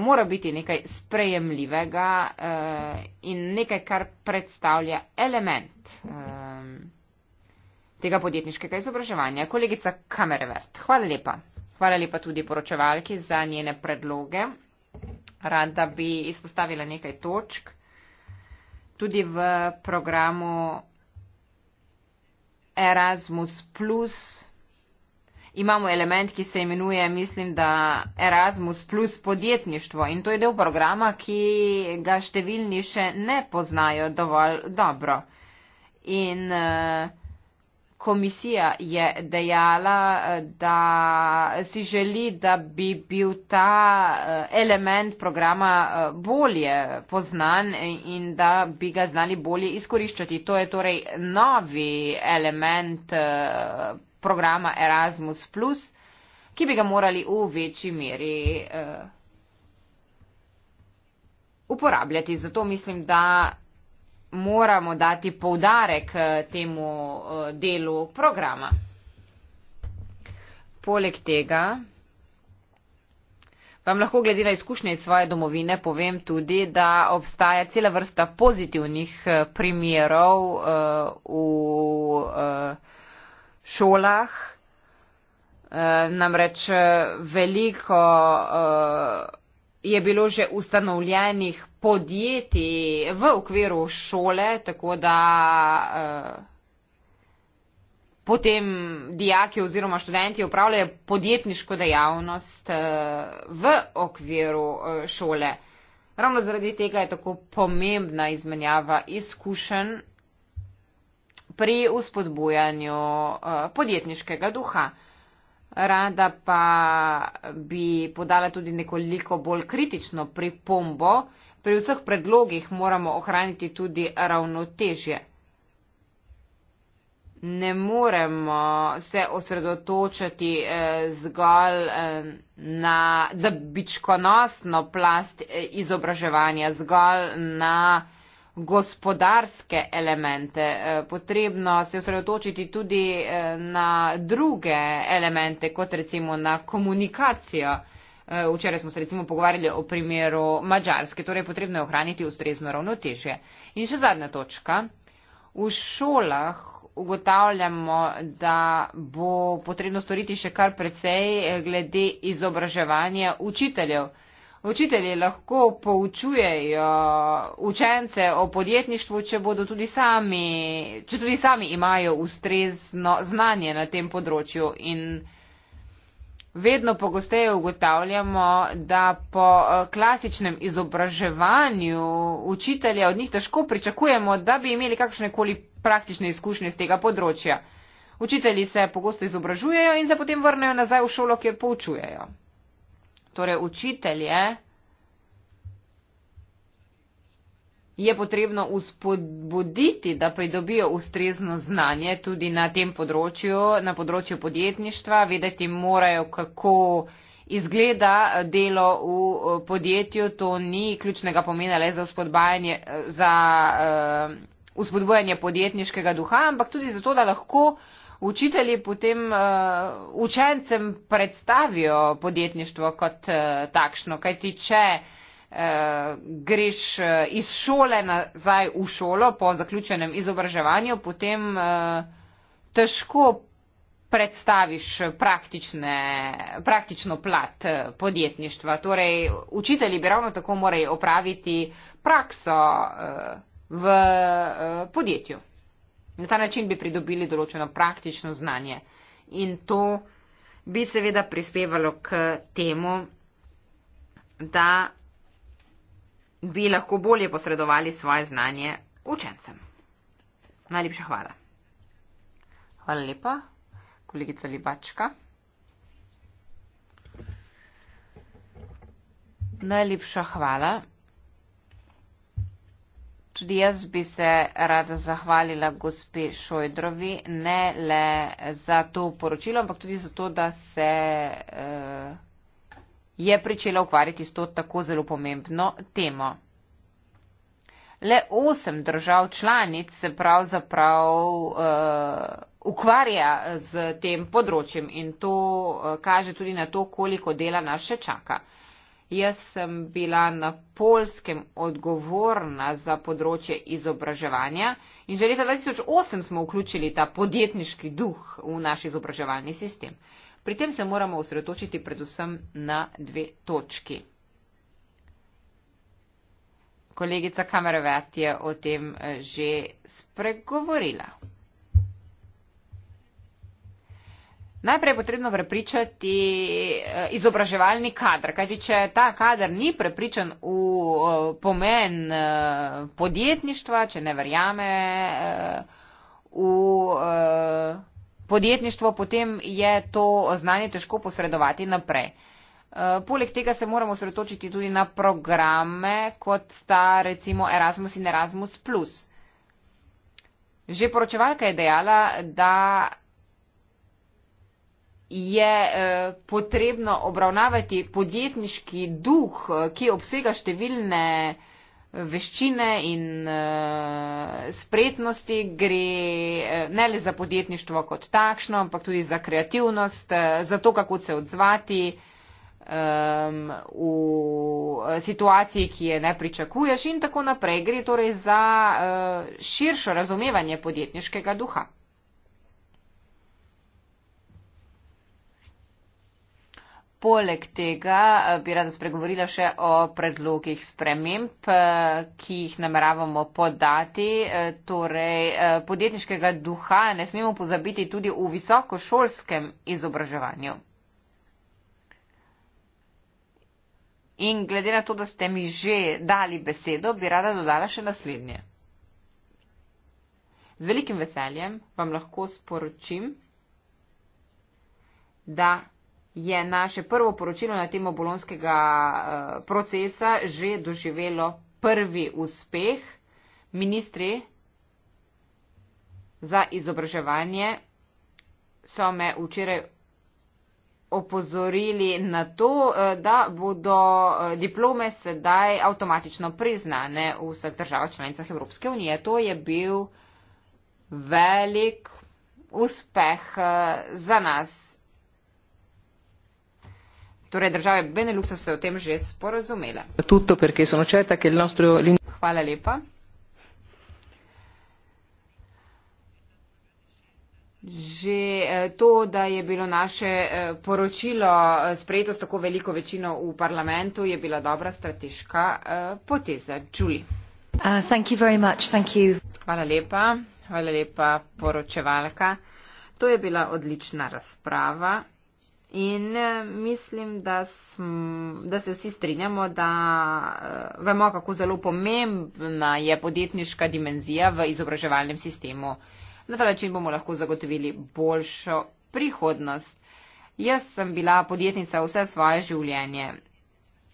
mora biti nekaj sprejemljivega uh, in nekaj, kar predstavlja element um, tega podjetniškega izobraževanja. Kolegica Kamerevert, hvala lepa. Hvala lepa tudi poročevalki za njene predloge. Rada bi izpostavila nekaj točk tudi v programu Erasmus imamo element, ki se imenuje, mislim, da Erasmus plus podjetništvo in to je del programa, ki ga številni še ne poznajo dovolj dobro. In eh, komisija je dejala, eh, da si želi, da bi bil ta eh, element programa bolje poznan in da bi ga znali bolje izkoriščati. To je torej novi element programa programa Erasmus, ki bi ga morali v večji meri eh, uporabljati. Zato mislim, da moramo dati povdarek eh, temu eh, delu programa. Poleg tega vam lahko glede na izkušnje iz svoje domovine povem tudi, da obstaja cela vrsta pozitivnih primerov uh, v. Uh, šolah. Eh, namreč eh, veliko eh, je bilo že ustanovljenih podjetij v okviru šole, tako da potem dijaki oziroma študenti upravljajo podjetniško dejavnost v okviru šole. Ravno zaradi tega je tako pomembna izmenjava izkušenj pri uspodbujanju eh, podjetniškega duha. Rada pa bi podala tudi nekoliko bolj kritično pripombo. Pri vseh predlogih moramo ohraniti tudi ravnotežje. Ne moremo se osredotočati eh, zgolj eh, na dobičkonosno plast izobraževanja, zgolj na gospodarske elemente. Eh, potrebno se osredotočiti tudi eh, na druge elemente, kot recimo na komunikacijo. Eh, včeraj smo se recimo pogovarjali o primeru Mačarske, torej potrebno je ohraniti ustrezno ravnotežje. In še zadnja točka. V šolah ugotavljamo, da bo potrebno storiti še kar precej glede izobraževanja učiteljev. Učitelji lahko poučujejo učence o podjetništvu, če, tudi sami, če tudi sami imajo ustrezno znanje na tem področju. In vedno pogosteje ugotavljamo, da po eh, klasičnem izobraževanju učitelja od njih težko pričakujemo, da bi imeli kakšne koli praktične izkušnje z tega področja. Učitelji se pogosto izobražujejo in se potem vrnejo nazaj v šolo, kjer poučujejo torej učitelje, je potrebno uspodbuditi, da pridobijo ustrezno znanje tudi na tem področju, na področju podjetništva, vedeti morajo, kako izgleda delo v eh, podjetju. To ni ključnega pomena le za uspodbajanje. Eh, za, uh, eh, Vzpodbojanje podjetniškega duha, ampak tudi zato, da lahko uh, učitelji potem uh, učencem predstavijo podjetništvo kot uh, takšno, kajti če uh, greš uh, iz šole nazaj v šolo po zaključenem izobraževanju, potem uh, težko predstaviš praktično plat podjetništva. Torej, učitelji bi ravno tako morali opraviti prakso v podjetju. Na ta način bi pridobili določeno praktično znanje in to bi seveda prispevalo k temu, da bi lahko bolje posredovali svoje znanje učencem. Najlepša hvala. Hvala lepa, kolegica Libačka. Najlepša hvala. Tudi pač jaz bi se rada zahvalila gospe Šojdrovi, ne le za to poročilo, ampak tudi za to, da se uh, je pričela ukvarjati s to tako zelo pomembno temo. Le osem držav članic se pravzaprav uh, ukvarja z tem področjem in to uh, kaže tudi na to, koliko dela nas še čaka. Jaz sem bila na polskem odgovorna za področje izobraževanja in že leta 2008 smo vključili ta podjetniški duh v naš izobraževalni sistem. Pri tem se moramo osredotočiti predvsem na dve točki. Kolegica Kamerovet je o tem eh, že spregovorila. Najprej je potrebno prepričati eh, izobraževalni kader, kajti če ta kader ni prepričan v eh, pomen eh, podjetništva, če ne verjame v podjetništvo, potem je to znanje težko posredovati naprej. Poleg tega se moramo sredotočiti tudi na programe, kot sta recimo Erasmus in Erasmus. Že poročevalka je dejala, da je eh, potrebno obravnavati podjetniški duh, eh, ki obsega številne eh, veščine in spretnosti, gre ne le za podjetništvo kot takšno, ampak tudi za kreativnost, za to, kako se odzvati ehm, v situaciji, ki je ne pričakuješ in tako naprej. Gre torej za širšo razumevanje podjetniškega duha. Poleg tega eh, bi rada spregovorila še o predlogih sprememb, eh, ki jih nameravamo podati. Eh, torej, podjetniškega duha ne smemo pozabiti tudi v visokošolskem izobraževanju. In glede na to, da ste mi že dali besedo, bi rada dodala še naslednje. Z velikim veseljem vam lahko sporočim, da je naše prvo poročilo na temo bolonskega eh, procesa že doživelo prvi uspeh. Ministri za izobraževanje so me včeraj opozorili na to, eh, da bodo eh, diplome sedaj avtomatično priznane v vseh državah članicah Evropske unije. To je bil velik uspeh za nas. Torej države Beneluxa so se o tem že sporazumele. Tutto perché sono certa che il nostro... Hvala lepa. Že eh, to, da je bilo naše eh, poročilo eh, sprejeto s tako veliko večino v parlamentu, je bila dobra strateška poteza. Čuli. Uh, hvala lepa, hvala lepa poročevalka. To je bila odlična razprava. In eh, mislim, da, sm, da se vsi strinjamo, da eh, vemo, kako zelo pomembna je podjetniška dimenzija v izobraževalnem sistemu. Na ta način bomo lahko zagotovili boljšo prihodnost. Jaz sem bila podjetnica vse svoje življenje.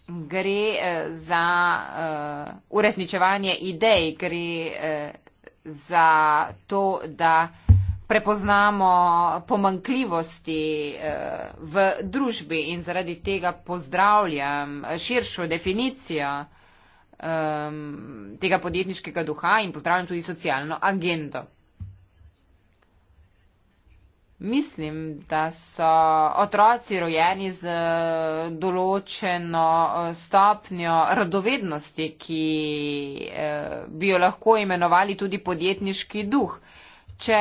Gre eh, za uh, uresničevanje idej, gre uh, za to, da prepoznamo pomankljivosti eh, v družbi in zaradi tega pozdravljam širšo definicijo ehm, tega podjetniškega duha in pozdravljam tudi socialno agendo. Mislim, da so otroci rojeni z eh, določeno eh, stopnjo radovednosti, ki bi jo lahko imenovali tudi podjetniški duh. Če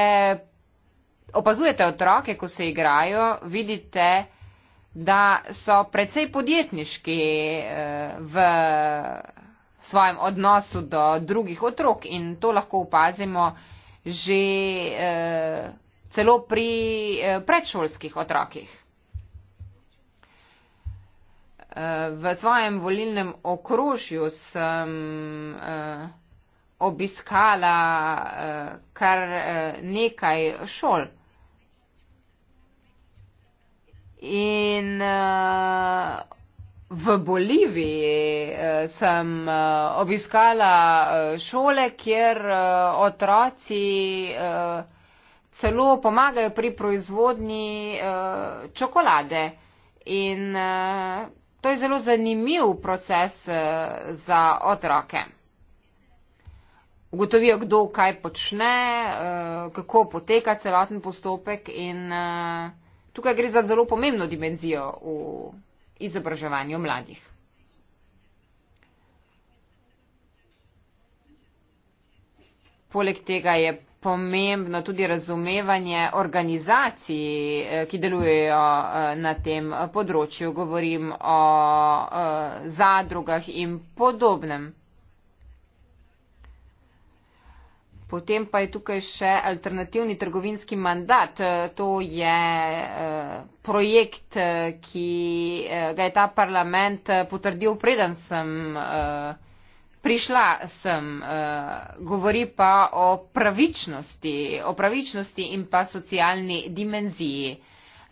opazujete otroke, ko se igrajo, vidite, da so precej podjetniški eh, v svojem odnosu do drugih otrok in to lahko opazimo že eh, celo pri eh, predšolskih otrokih. V svojem volilnem okrožju sem obiskala kar nekaj šol. In uh, v Boliviji uh, sem uh, obiskala uh, šole, kjer uh, otroci uh, celo pomagajo pri proizvodni uh, čokolade. In uh, to je zelo zanimiv proces uh, za otroke. Ugotovijo, kdo kaj počne, uh, kako poteka celoten postopek in uh, tukaj gre za zelo pomembno dimenzijo v izobraževanju mladih. Poleg tega je pomembno tudi razumevanje organizacij, eh, ki delujejo eh, na tem eh, področju. Govorim o zadrugah in podobnem. Potem pa je tukaj še alternativni trgovinski mandat. Eh, to je eh, projekt, eh, ki ga je ta parlament potrdil preden sem prišla sem. Govori pa o pravičnosti, o pravičnosti in pa socialni dimenziji.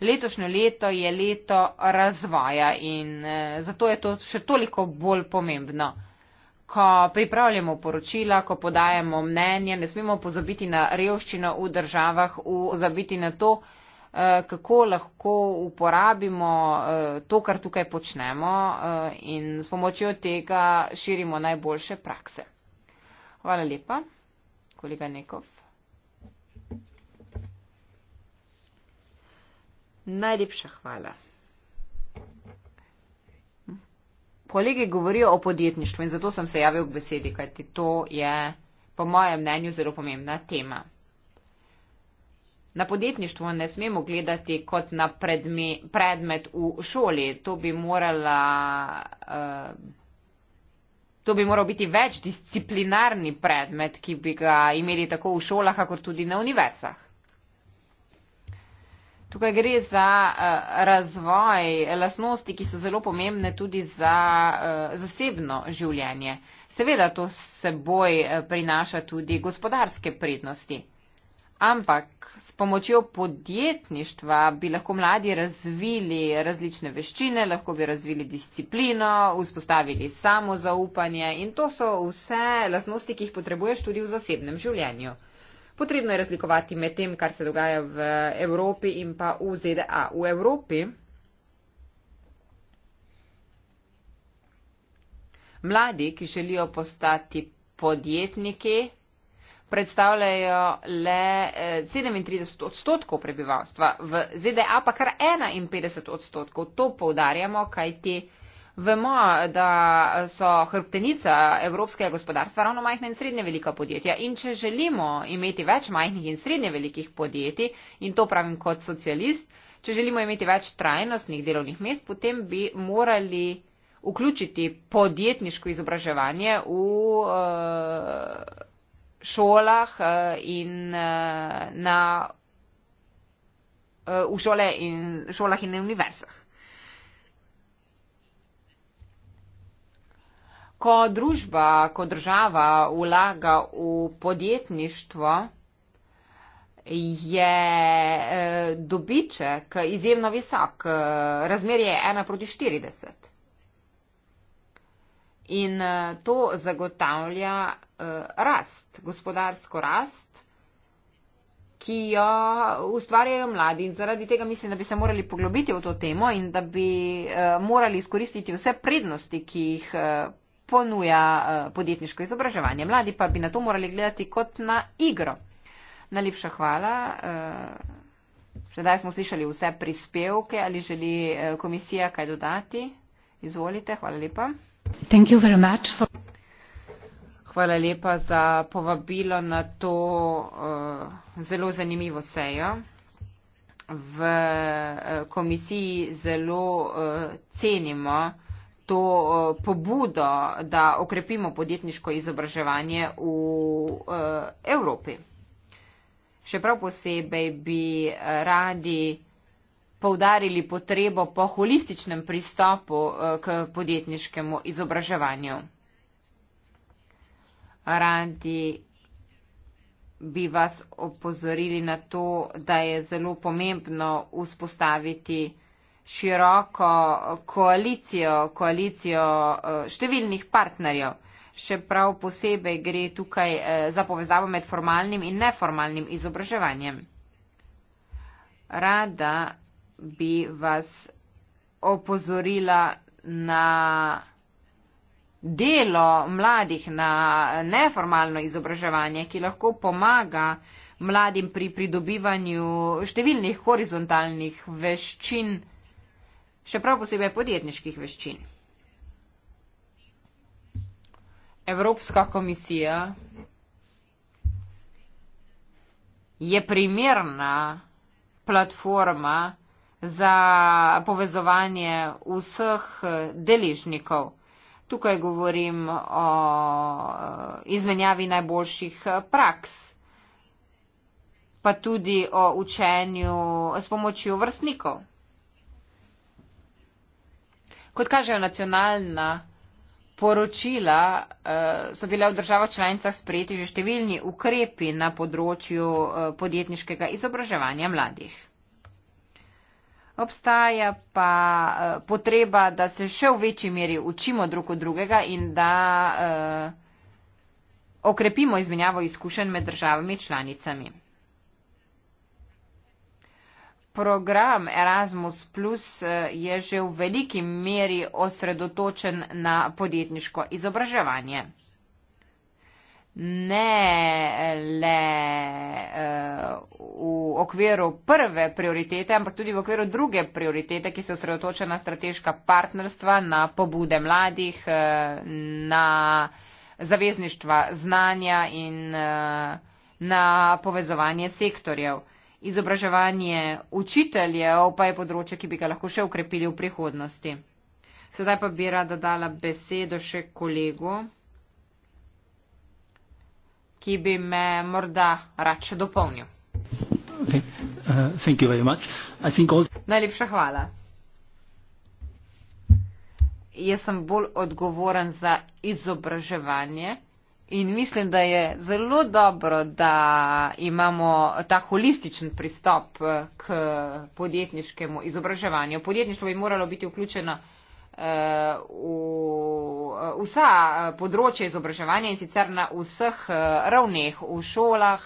Letošnje leto je leto razvoja in zato je to še toliko bolj pomembno ko pripravljamo poročila, ko podajemo mnenje, ne smemo pozabiti na revščino v državah, pozabiti na to, eh, kako lahko uporabimo eh, to, kar tukaj počnemo eh, in s pomočjo tega širimo najboljše prakse. Hvala lepa, kolega Nekov. Najlepša hvala. kolegi govorijo o podjetništvu in zato sem se javil k besedi, kajti to je po mojem mnenju zelo pomembna tema. Na podjetništvo ne smemo gledati kot na predme, predmet v šoli. To bi, morala, uh, to bi moral biti več disciplinarni predmet, ki bi ga imeli tako v šolah, kakor tudi na univerzah. Tukaj gre za eh, razvoj lasnosti, ki so zelo pomembne tudi za eh, zasebno življenje. Seveda to seboj eh, prinaša tudi gospodarske prednosti. Ampak s pomočjo podjetništva bi lahko mladi razvili različne veščine, lahko bi razvili disciplino, vzpostavili samozaupanje in to so vse lasnosti, ki jih potrebuješ tudi v zasebnem življenju. Potrebno je razlikovati med tem, kar se dogaja v Evropi in pa v ZDA. V Evropi mladi, ki želijo postati podjetniki, predstavljajo le 37 eh, odstotkov prebivalstva, v ZDA pa kar 51 odstotkov. To poudarjamo, kaj ti. Vemo, da so hrbtenica evropskega gospodarstva ravno majhna in srednje velika podjetja. In če želimo imeti več majhnih in srednje velikih podjetij, in to pravim kot socialist, če želimo imeti več trajnostnih delovnih mest, potem bi morali vključiti podjetniško izobraževanje v eh, šolah eh, in eh, na, v šole in, šolah in univerzah. ko družba, ko država vlaga v podjetništvo, je eh, dobiček izjemno visok. Razmer je 1 proti 40. In eh, to zagotavlja eh, rast, gospodarsko rast, ki jo ustvarjajo mladi. In zaradi tega mislim, da bi se morali poglobiti v to temo in da bi morali izkoristiti vse prednosti, ki jih ponuja eh, podjetniško izobraževanje. Mladi pa bi na to morali gledati kot na igro. Najlepša hvala. Eh, sedaj smo slišali vse prispevke. Ali želi eh, komisija kaj dodati? Izvolite. Hvala lepa. Hvala lepa za povabilo na to uh, zelo zanimivo sejo. V uh, komisiji zelo uh, cenimo uh, to eh, pobudo, da okrepimo podjetniško izobraževanje v eh, Evropi. Še prav posebej bi eh, radi povdarili potrebo po holističnem pristopu k podjetniškemu izobraževanju. Radi bi vas opozorili na to, da je zelo pomembno vzpostaviti široko koalicijo, koalicijo eh, številnih partnerjev. Še prav posebej gre tukaj eh, za povezavo med formalnim in neformalnim izobraževanjem. Rada bi vas opozorila na delo mladih, na neformalno izobraževanje, ki lahko pomaga mladim pri pridobivanju številnih horizontalnih veščin, še prav posebej podjetniških veščin. Evropska komisija je primerna platforma za povezovanje vseh deležnikov. Tukaj govorim o eh, izmenjavi najboljših eh, praks, pa tudi o učenju s pomočjo vrstnikov. Kot kažejo nacionalna poročila, eh, so bile v državah članicah sprejeti že številni ukrepi na področju eh, podjetniškega izobraževanja mladih. Obstaja pa eh, potreba, da se še v večji meri učimo drug od drugega in da okrepimo izmenjavo izkušenj med državami članicami. Program Erasmus Plus eh, je že v veliki meri osredotočen na podjetniško izobraževanje. Ne le eh, v okviru prve prioritete, ampak tudi v okviru druge prioritete, ki se osredotoča na strateška partnerstva, na pobude mladih, eh, na zavezništva znanja in na povezovanje sektorjev izobraževanje učiteljev pa je področje, ki bi ga lahko še ukrepili v prihodnosti. Sedaj pa bi rada dala besedo še kolegu, ki bi me morda rad še dopolnil.
Okay. Uh, also...
Najlepša hvala. Jaz sem bolj odgovoren za izobraževanje. In mislim, da je zelo dobro, da imamo ta holističen pristop eh, k podjetniškemu izobraževanju. Podjetništvo bi moralo biti vključeno eh, v eh, vsa področja izobraževanja in sicer na vseh ravneh, v šolah,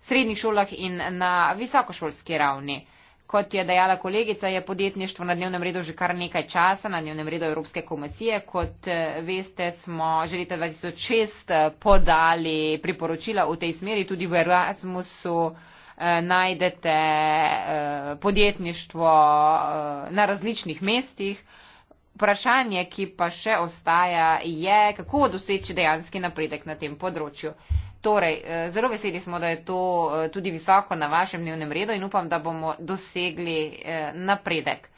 srednjih šolah in na visokošolski ravni. Kot je dejala kolegica, je podjetništvo na dnevnem redu že kar nekaj časa, na dnevnem redu Evropske komisije. Kot eh, veste, smo že leta 2006 eh, podali priporočila v tej smeri, tudi v Erasmusu eh, najdete podjetništvo na različnih mestih. Vprašanje, ki pa še ostaja, je, kako doseči dejanski napredek na tem področju. Torej, eh, zelo veseli smo, da je to eh, tudi visoko na vašem dnevnem redu in upam, da bomo dosegli eh, napredek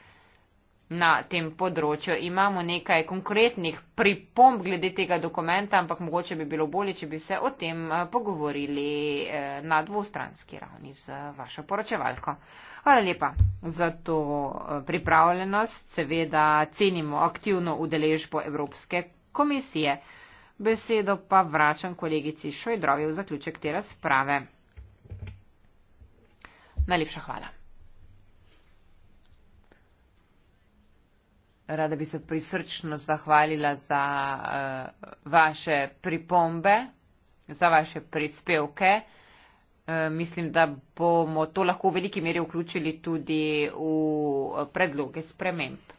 na tem področju. Imamo nekaj konkretnih pripomb glede tega dokumenta, ampak mogoče bi bilo bolje, če bi se o tem pogovorili na dvostranski ravni z vašo poročevalko. Hvala lepa za to pripravljenost. Seveda cenimo aktivno udeležbo Evropske komisije. Besedo pa vračam kolegici Šojdrovi v zaključek te razprave. Najlepša hvala. Rada bi se prisrčno zahvalila za uh, vaše pripombe, za vaše prispevke. Uh, mislim, da bomo to lahko v veliki meri vključili tudi v eh, predloge sprememb.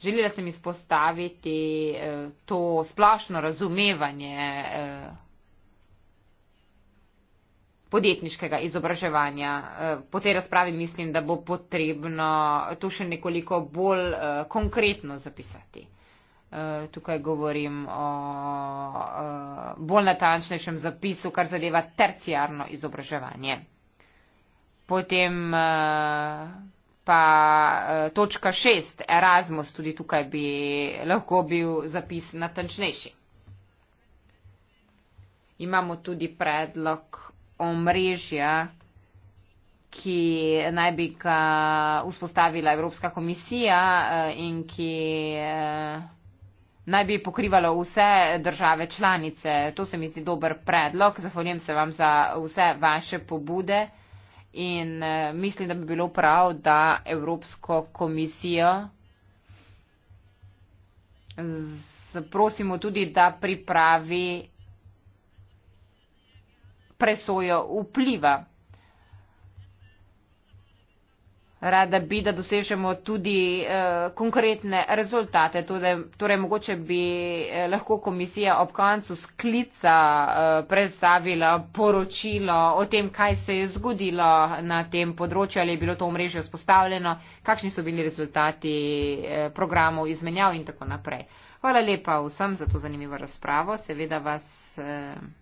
Želela sem izpostaviti eh, to splošno razumevanje eh, podjetniškega izobraževanja. Eh, po tej razpravi mislim, da bo potrebno to še nekoliko bolj eh, konkretno zapisati. Eh, tukaj govorim o eh, bolj natančnejšem zapisu, kar zadeva terciarno izobraževanje. Potem. Eh, pa uh, točka šest, Erasmus, tudi tukaj bi lahko bil zapis natančnejši. Imamo tudi predlog omrežja, ki naj bi ga vzpostavila Evropska komisija uh, in ki uh, naj bi pokrivalo vse države članice. To se mi zdi dober predlog. Zahvaljujem se vam za vse vaše pobude in eh, mislim, da bi bilo prav, da Evropsko komisijo zaprosimo tudi, da pripravi presojo vpliva. rada bi, da dosežemo tudi uh, konkretne rezultate. Tudi, torej, mogoče bi eh, lahko komisija ob koncu sklica uh, predstavila poročilo o tem, kaj se je zgodilo na tem področju, ali je bilo to omrežje vzpostavljeno, kakšni so bili rezultati uh, programov izmenjav in tako naprej. Hvala lepa vsem za to zanimivo razpravo. Seveda vas. Uh,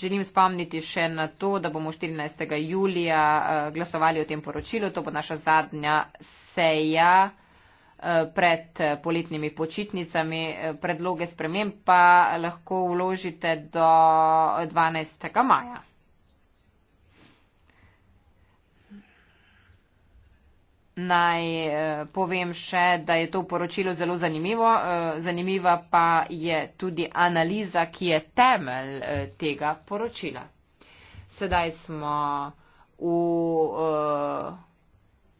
Želim spomniti še na to, da bomo 14. julija eh, glasovali o tem poročilu. To bo naša zadnja seja eh, pred eh, poletnimi počitnicami. Predloge sprememb pa lahko vložite do 12. maja. naj eh, povem še, da je to poročilo zelo zanimivo. Eh, zanimiva pa je tudi analiza, ki je temelj eh, tega poročila. Sedaj smo v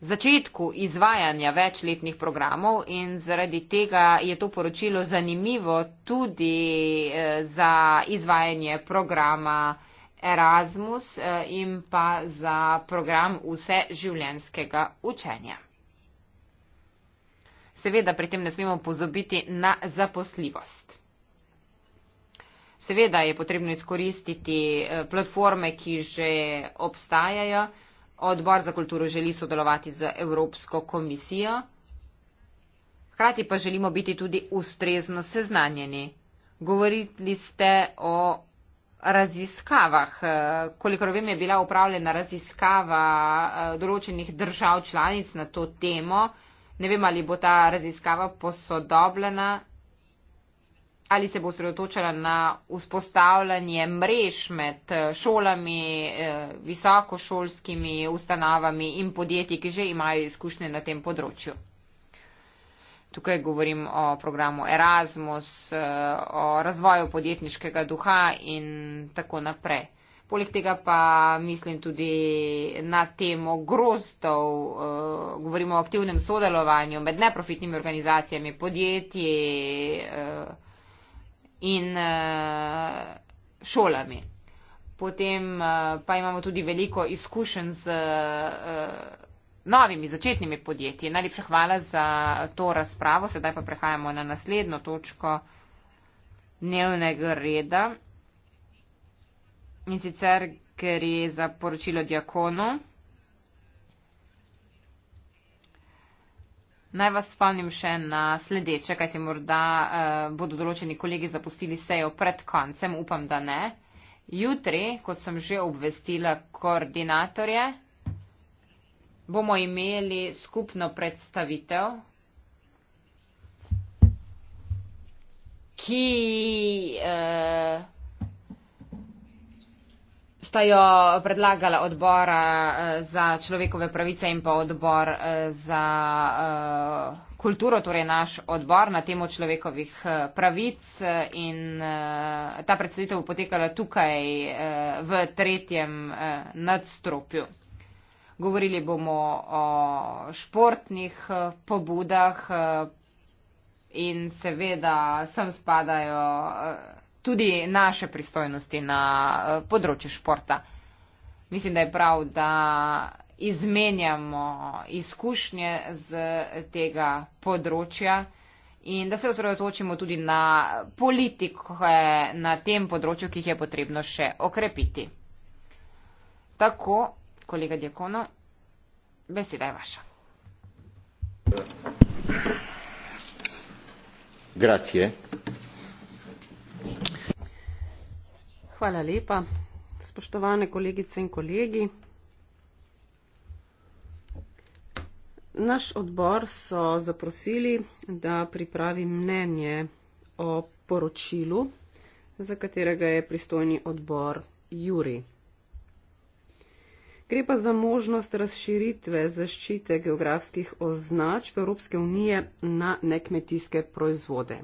začetku izvajanja večletnih programov in zaradi tega je to poročilo zanimivo tudi za izvajanje programa Erasmus eh, in pa za program vse življenskega učenja. Seveda pri tem ne smemo pozobiti na zaposljivost. Seveda je potrebno izkoristiti eh, platforme, ki že obstajajo. Odbor za kulturo želi sodelovati z Evropsko komisijo. Hkrati pa želimo biti tudi ustrezno seznanjeni. Govorili ste o raziskavah. Eh, kolikor vem, je bila upravljena raziskava eh, določenih držav članic na to temo. Ne vem, ali bo ta raziskava posodobljena ali se bo sredotočala na vzpostavljanje mrež med eh, šolami, visokošolskimi ustanovami in podjetji, ki že imajo izkušnje na tem področju. Tukaj govorim o programu Erasmus, eh, o razvoju podjetniškega duha in tako naprej. Poleg tega pa mislim tudi na temo grozdov, eh, govorimo o aktivnem sodelovanju med neprofitnimi organizacijami, podjetji eh, in šolami. Potem pa imamo tudi veliko izkušenj z novimi začetnimi podjetji. Najlepša hvala za to razpravo. Sedaj pa prehajamo na naslednjo točko dnevnega reda. In sicer, ker je za poročilo diakonu. Naj vas spomnim še na sledeče, kajti morda uh, bodo določeni kolegi zapustili sejo pred koncem, upam, da ne. Jutri, kot sem že obvestila koordinatorje, bomo imeli skupno predstavitev, ki eh, sta jo predlagala odbora eh, za človekove pravice in pa odbor eh, za eh, kulturo, torej naš odbor na temo človekovih eh, pravic eh, in eh, ta predstavitev bo potekala tukaj v tretjem nadstropju. Govorili bomo o športnih eh, pobudah eh, in seveda sem spadajo eh, tudi naše pristojnosti na področju športa. Mislim, da je prav, da izmenjamo izkušnje z tega področja in da se osredotočimo tudi na politike na tem področju, ki jih je potrebno še okrepiti. Tako Kolega Djakono, beseda je vaša.
Gracije. Hvala lepa. Spoštovane kolegice in kolegi. Naš odbor so zaprosili, da pripravi mnenje o poročilu, za katerega je pristojni odbor Juri. Gre pa za možnost razširitve zaščite geografskih označb Evropske unije na nekmetijske proizvode.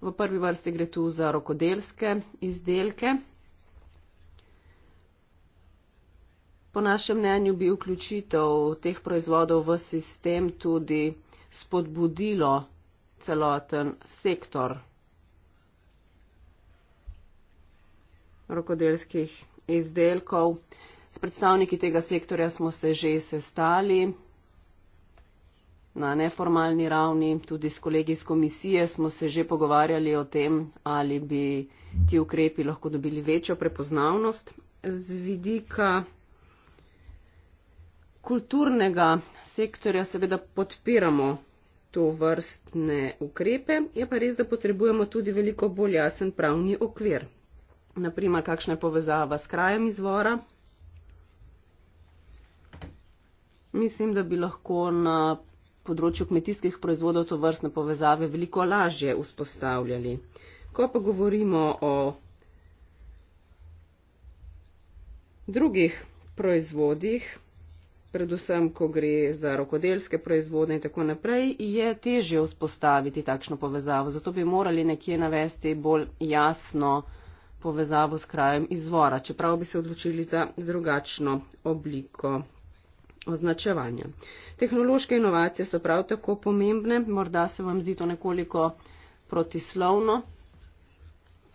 V prvi vrsti gre tu za rokodelske izdelke. Po našem mnenju bi vključitev teh proizvodov v sistem tudi spodbudilo celoten sektor rokodelskih izdelkov. S predstavniki tega sektorja smo se že sestali na neformalni ravni, tudi s kolegi iz komisije smo se že pogovarjali o tem, ali bi ti ukrepi lahko dobili večjo prepoznavnost z vidika. Kulturnega sektorja seveda podpiramo to vrstne ukrepe, je pa res, da potrebujemo tudi veliko bolj jasen pravni okvir. Naprimer, kakšna je povezava s krajem izvora, Mislim, da bi lahko na področju kmetijskih proizvodov to vrstne povezave veliko lažje vzpostavljali. Ko pa govorimo o drugih proizvodih, predvsem, ko gre za rokodelske proizvodne in tako naprej, je težje vzpostaviti takšno povezavo. Zato bi morali nekje navesti bolj jasno povezavo s krajem izvora, čeprav bi se odločili za drugačno obliko označevanje. Tehnološke inovacije so prav tako pomembne, morda se vam zdi to nekoliko protislovno.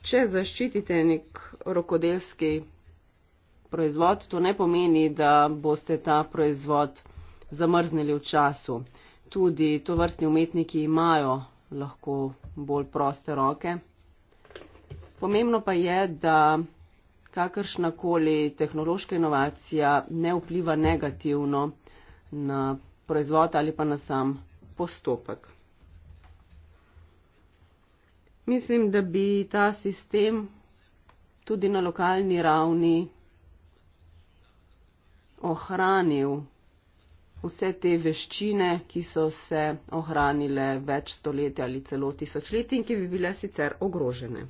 Če zaščitite nek rokodelski proizvod, to ne pomeni, da boste ta proizvod zamrznili v času. Tudi to vrstni umetniki imajo lahko bolj proste roke. Pomembno pa je, da kakršna koli tehnološka inovacija ne vpliva negativno na proizvod ali pa na sam postopek. Mislim, da bi ta sistem tudi na lokalni ravni ohranil vse te veščine, ki so se ohranile več stoletja ali celo tisočletij in ki bi bile sicer ogrožene.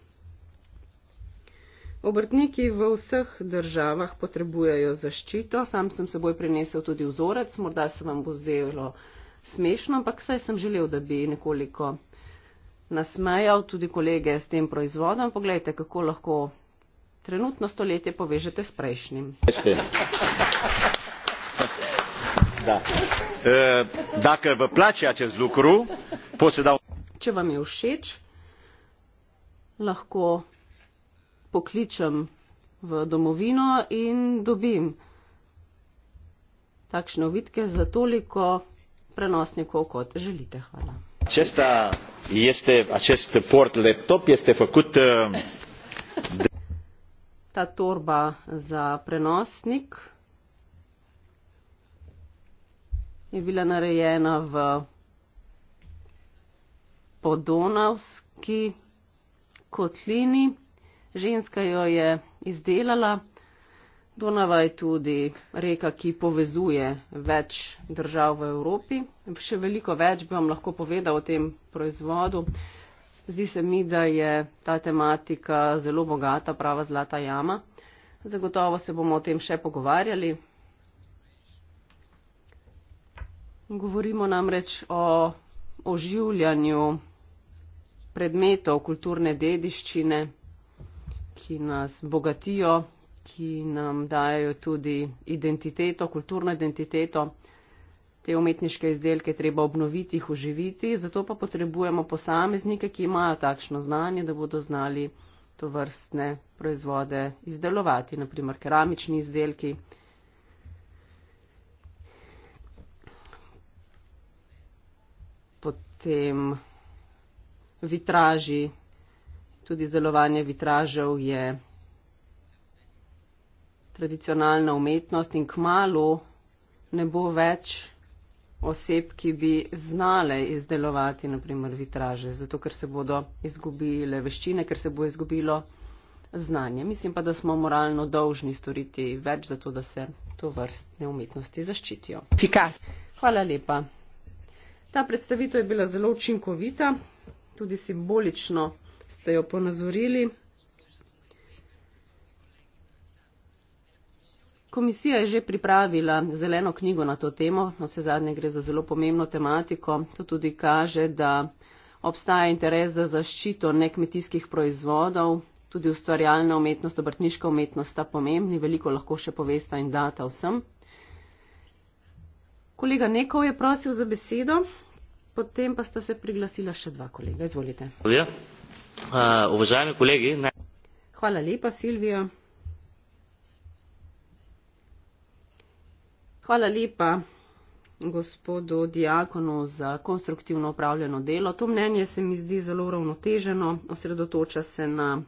Obrtniki v vseh državah potrebujejo zaščito. Sam sem seboj prinesel tudi vzorec, morda se vam bo zdelo smešno, ampak saj sem želel, da bi nekoliko nasmejal tudi kolege s tem proizvodom. Poglejte, kako lahko trenutno stoletje povežete s prejšnjim. Da. E, zlukru, posedal... Če vam je všeč, lahko pokličem v domovino in dobim takšne ovitke za toliko prenosnikov, kot želite. Hvala. Česta, jeste, a česte port laptop, jeste fakut. Uh, Ta torba za prenosnik je bila narejena v podonavski kotlini ženska jo je izdelala. Donava je tudi reka, ki povezuje več držav v Evropi. Še veliko več bi vam lahko povedal o tem proizvodu. Zdi se mi, da je ta tematika zelo bogata, prava zlata jama. Zagotovo se bomo o tem še pogovarjali. Govorimo namreč o oživljanju predmetov kulturne dediščine ki nas bogatijo, ki nam dajo tudi identiteto, kulturno identiteto. Te umetniške izdelke treba obnoviti, jih uživiti, zato pa potrebujemo posameznike, ki imajo takšno znanje, da bodo znali to vrstne proizvode izdelovati, naprimer keramični izdelki. Potem vitraži, tudi zelovanje vitražev je tradicionalna umetnost in kmalo ne bo več oseb, ki bi znale izdelovati naprimer vitraže, zato ker se bodo izgubile veščine, ker se bo izgubilo znanje. Mislim pa, da smo moralno dolžni storiti več za to, da se to vrstne umetnosti zaščitijo. Fika. Hvala lepa. Ta predstavitev je bila zelo učinkovita, tudi simbolično ste jo ponazorili. Komisija je že pripravila zeleno knjigo na to temo, vse zadnje gre za zelo pomembno tematiko. To tudi kaže, da obstaja interes za zaščito nekmetijskih proizvodov, tudi ustvarjalna umetnost, obrtniška umetnost sta pomembni, veliko lahko še povesta in data vsem. Kolega Nekov je prosil za besedo, potem pa sta se priglasila še dva kolega. Izvolite.
Ja. Уважаеми колеги,
Хвала лепа, Силвия. Hvala lepa gospodu Diakonu za konstruktivno upravljeno delo. To mnenje se mi zdi zelo ravnoteženo, osredotoča se na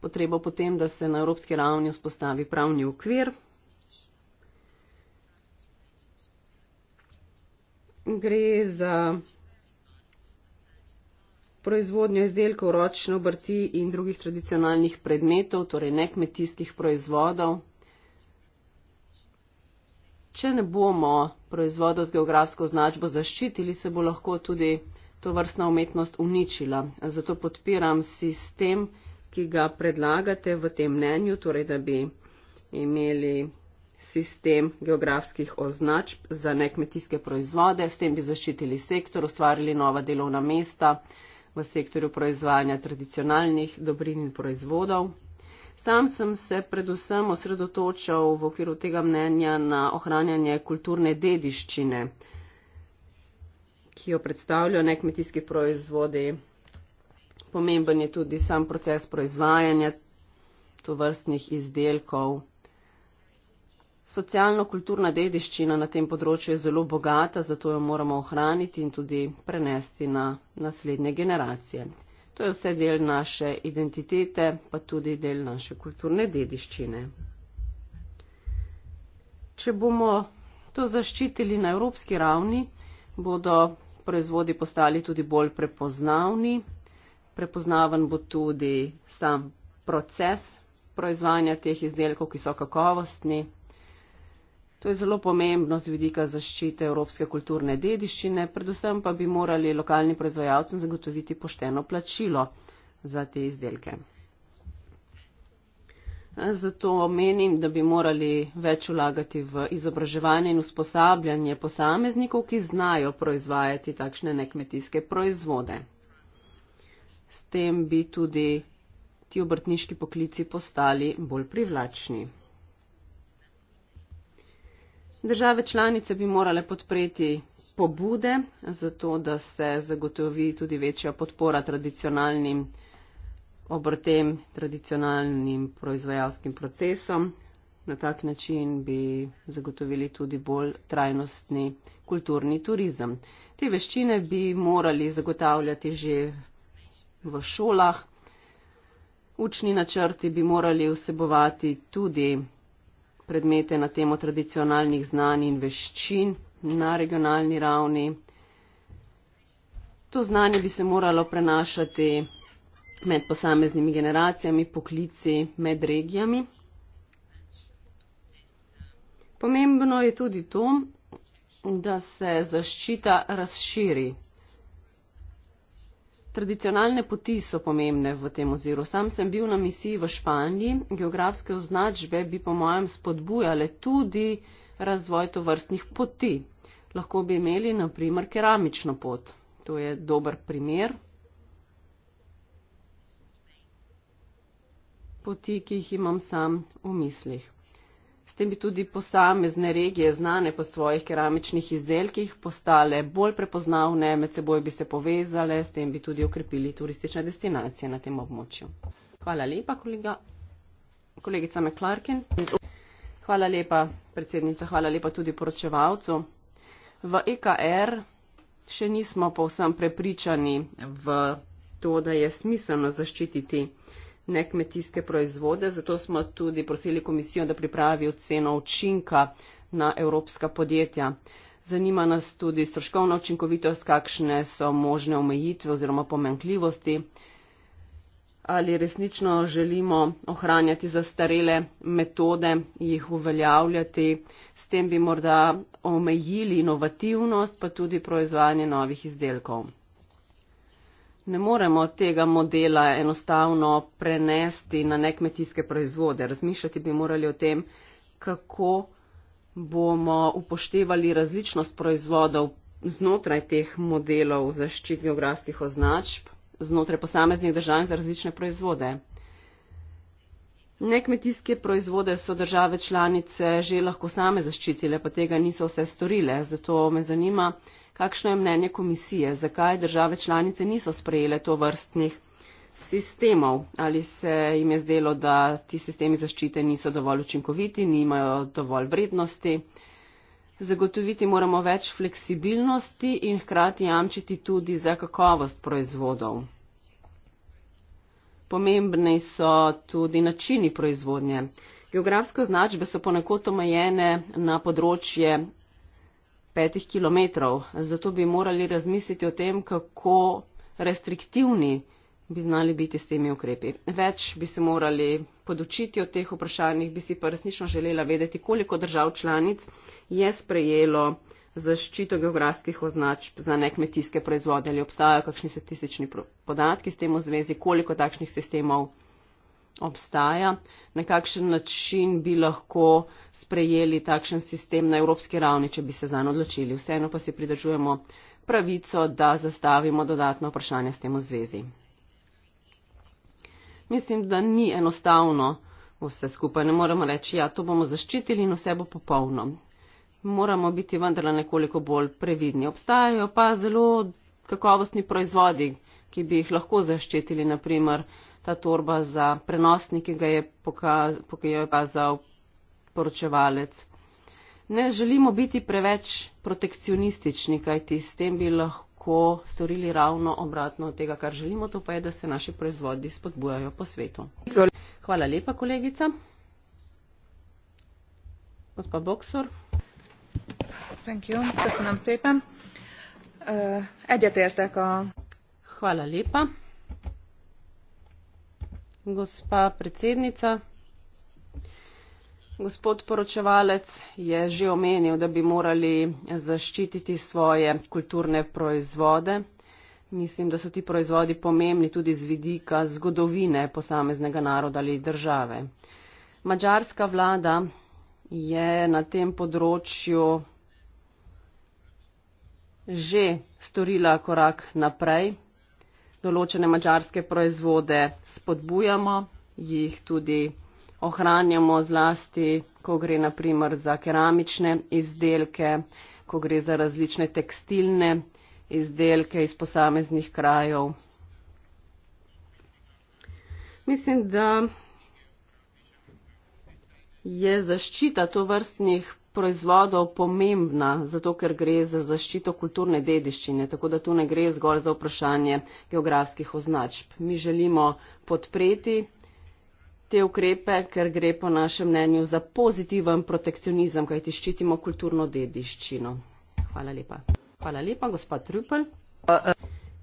potrebo potem, da se na evropski ravni vzpostavi pravni ukvir. Gre za proizvodnjo izdelkov ročne obrti in drugih tradicionalnih predmetov, torej nekmetijskih proizvodov. Če ne bomo proizvodov z geografsko označbo zaščitili, se bo lahko tudi to vrstna umetnost uničila. Zato podpiram sistem, ki ga predlagate v tem mnenju, torej da bi imeli sistem geografskih označb za nekmetijske proizvode, s tem bi zaščitili sektor, ustvarili nova delovna mesta v sektorju proizvajanja tradicionalnih dobrin in proizvodov. Sam sem se predvsem osredotočal v okviru tega mnenja na ohranjanje kulturne dediščine, ki jo predstavljajo nekmetijski proizvodi. Pomemben je tudi sam proces proizvajanja tovrstnih izdelkov. Socialno-kulturna dediščina na tem področju je zelo bogata, zato jo moramo ohraniti in tudi prenesti na naslednje generacije. To je vse del naše identitete, pa tudi del naše kulturne dediščine. Če bomo to zaščitili na evropski ravni, bodo proizvodi postali tudi bolj prepoznavni, prepoznaven bo tudi sam proces proizvajanja teh izdelkov, ki so kakovostni To je zelo pomembno z vidika zaščite evropske kulturne dediščine, predvsem pa bi morali lokalnim proizvajalcem zagotoviti pošteno plačilo za te izdelke. Zato menim, da bi morali več ulagati v izobraževanje in usposabljanje posameznikov, ki znajo proizvajati takšne nekmetijske proizvode. S tem bi tudi ti obrtniški poklici postali bolj privlačni. Države članice bi morale podpreti pobude za to, da se zagotovi tudi večja podpora tradicionalnim obrtem, tradicionalnim proizvajalskim procesom. Na tak način bi zagotovili tudi bolj trajnostni kulturni turizem. Te veščine bi morali zagotavljati že v šolah. Učni načrti bi morali vsebovati tudi predmete na temo tradicionalnih znanj in veščin na regionalni ravni. To znanje bi se moralo prenašati med posameznimi generacijami, poklici, med regijami. Pomembno je tudi to, da se zaščita razširi Tradicionalne poti so pomembne v tem oziru. Sam sem bil na misiji v Španiji. Geografske označbe bi po mojem spodbujale tudi razvoj tovrstnih poti. Lahko bi imeli naprimer keramično pot. To je dober primer. Poti, ki jih imam sam v mislih. S tem bi tudi posamezne regije, znane po svojih keramičnih izdelkih, postale bolj prepoznavne, med seboj bi se povezale, s tem bi tudi okrepili turistične destinacije na tem območju. Hvala lepa, kolega. kolegica McClarkin. Hvala lepa, predsednica, hvala lepa tudi poročevalcu. V EKR še nismo povsem prepričani v to, da je smiselno zaščititi nekmetijske proizvode, zato smo tudi prosili komisijo, da pripravi oceno učinka na evropska podjetja. Zanima nas tudi stroškovna učinkovitost, kakšne so možne omejitve oziroma pomenkljivosti, ali resnično želimo ohranjati zastarele metode, jih uveljavljati, s tem bi morda omejili inovativnost, pa tudi proizvajanje novih izdelkov. Ne moremo tega modela enostavno prenesti na nekmetijske proizvode. Razmišljati bi morali o tem, kako bomo upoštevali različnost proizvodov znotraj teh modelov zaščit geografskih označb, znotraj posameznih držav za različne proizvode. Nekmetijske proizvode so države članice že lahko same zaščitile, pa tega niso vse storile. Zato me zanima, Kakšno je mnenje komisije? Zakaj države članice niso sprejele to vrstnih sistemov? Ali se jim je zdelo, da ti sistemi zaščite niso dovolj učinkoviti, nimajo dovolj vrednosti? Zagotoviti moramo več fleksibilnosti in hkrati jamčiti tudi za kakovost proizvodov. Pomembni so tudi načini proizvodnje. Geografske označbe so ponekod omejene na področje petih kilometrov. Zato bi morali razmisliti o tem, kako restriktivni bi znali biti s temi ukrepi. Več bi se morali podučiti o teh vprašanjih, bi si pa resnično želela vedeti, koliko držav članic je sprejelo zaščito geografskih označb za nekmetijske proizvode ali obstajajo kakšni statistični podatki s tem v zvezi, koliko takšnih sistemov obstaja, na kakšen način bi lahko sprejeli takšen sistem na evropski ravni, če bi se zanj odločili. Vseeno pa si pridržujemo pravico, da zastavimo dodatno vprašanje s tem v zvezi. Mislim, da ni enostavno vse skupaj. Ne moremo reči, ja, to bomo zaščitili in vse bo popolno. Moramo biti vendarle nekoliko bolj previdni. Obstajajo pa zelo kakovostni proizvodi, ki bi jih lahko zaščitili, naprimer ta torba za prenosnik, ki ga je pokazal poročevalec. Ne želimo biti preveč protekcionistični, kajti s tem bi lahko storili ravno obratno od tega, kar želimo, to pa je, da se naši proizvodi spodbujajo po svetu. Hvala lepa, kolegica. Gospa Boksor. Thank you. Köszönöm szépen. Egyetértek a. Hvala lepa gospa predsednica. Gospod poročevalec je že omenil, da bi morali zaščititi svoje kulturne proizvode. Mislim, da so ti proizvodi pomembni tudi z vidika zgodovine posameznega naroda ali države. Mačarska vlada je na tem področju že storila korak naprej določene mačarske proizvode spodbujamo, jih tudi ohranjamo zlasti, ko gre naprimer za keramične izdelke, ko gre za različne tekstilne izdelke iz posameznih krajev. Mislim, da je zaščita to vrstnih proizvodov pomembna, zato ker gre za zaščito kulturne dediščine, tako da tu ne gre zgolj za vprašanje geografskih označb. Mi želimo podpreti te ukrepe, ker gre po našem mnenju za pozitiven protekcionizem, kajti ščitimo kulturno dediščino. Hvala lepa. Hvala lepa, gospod Trupel.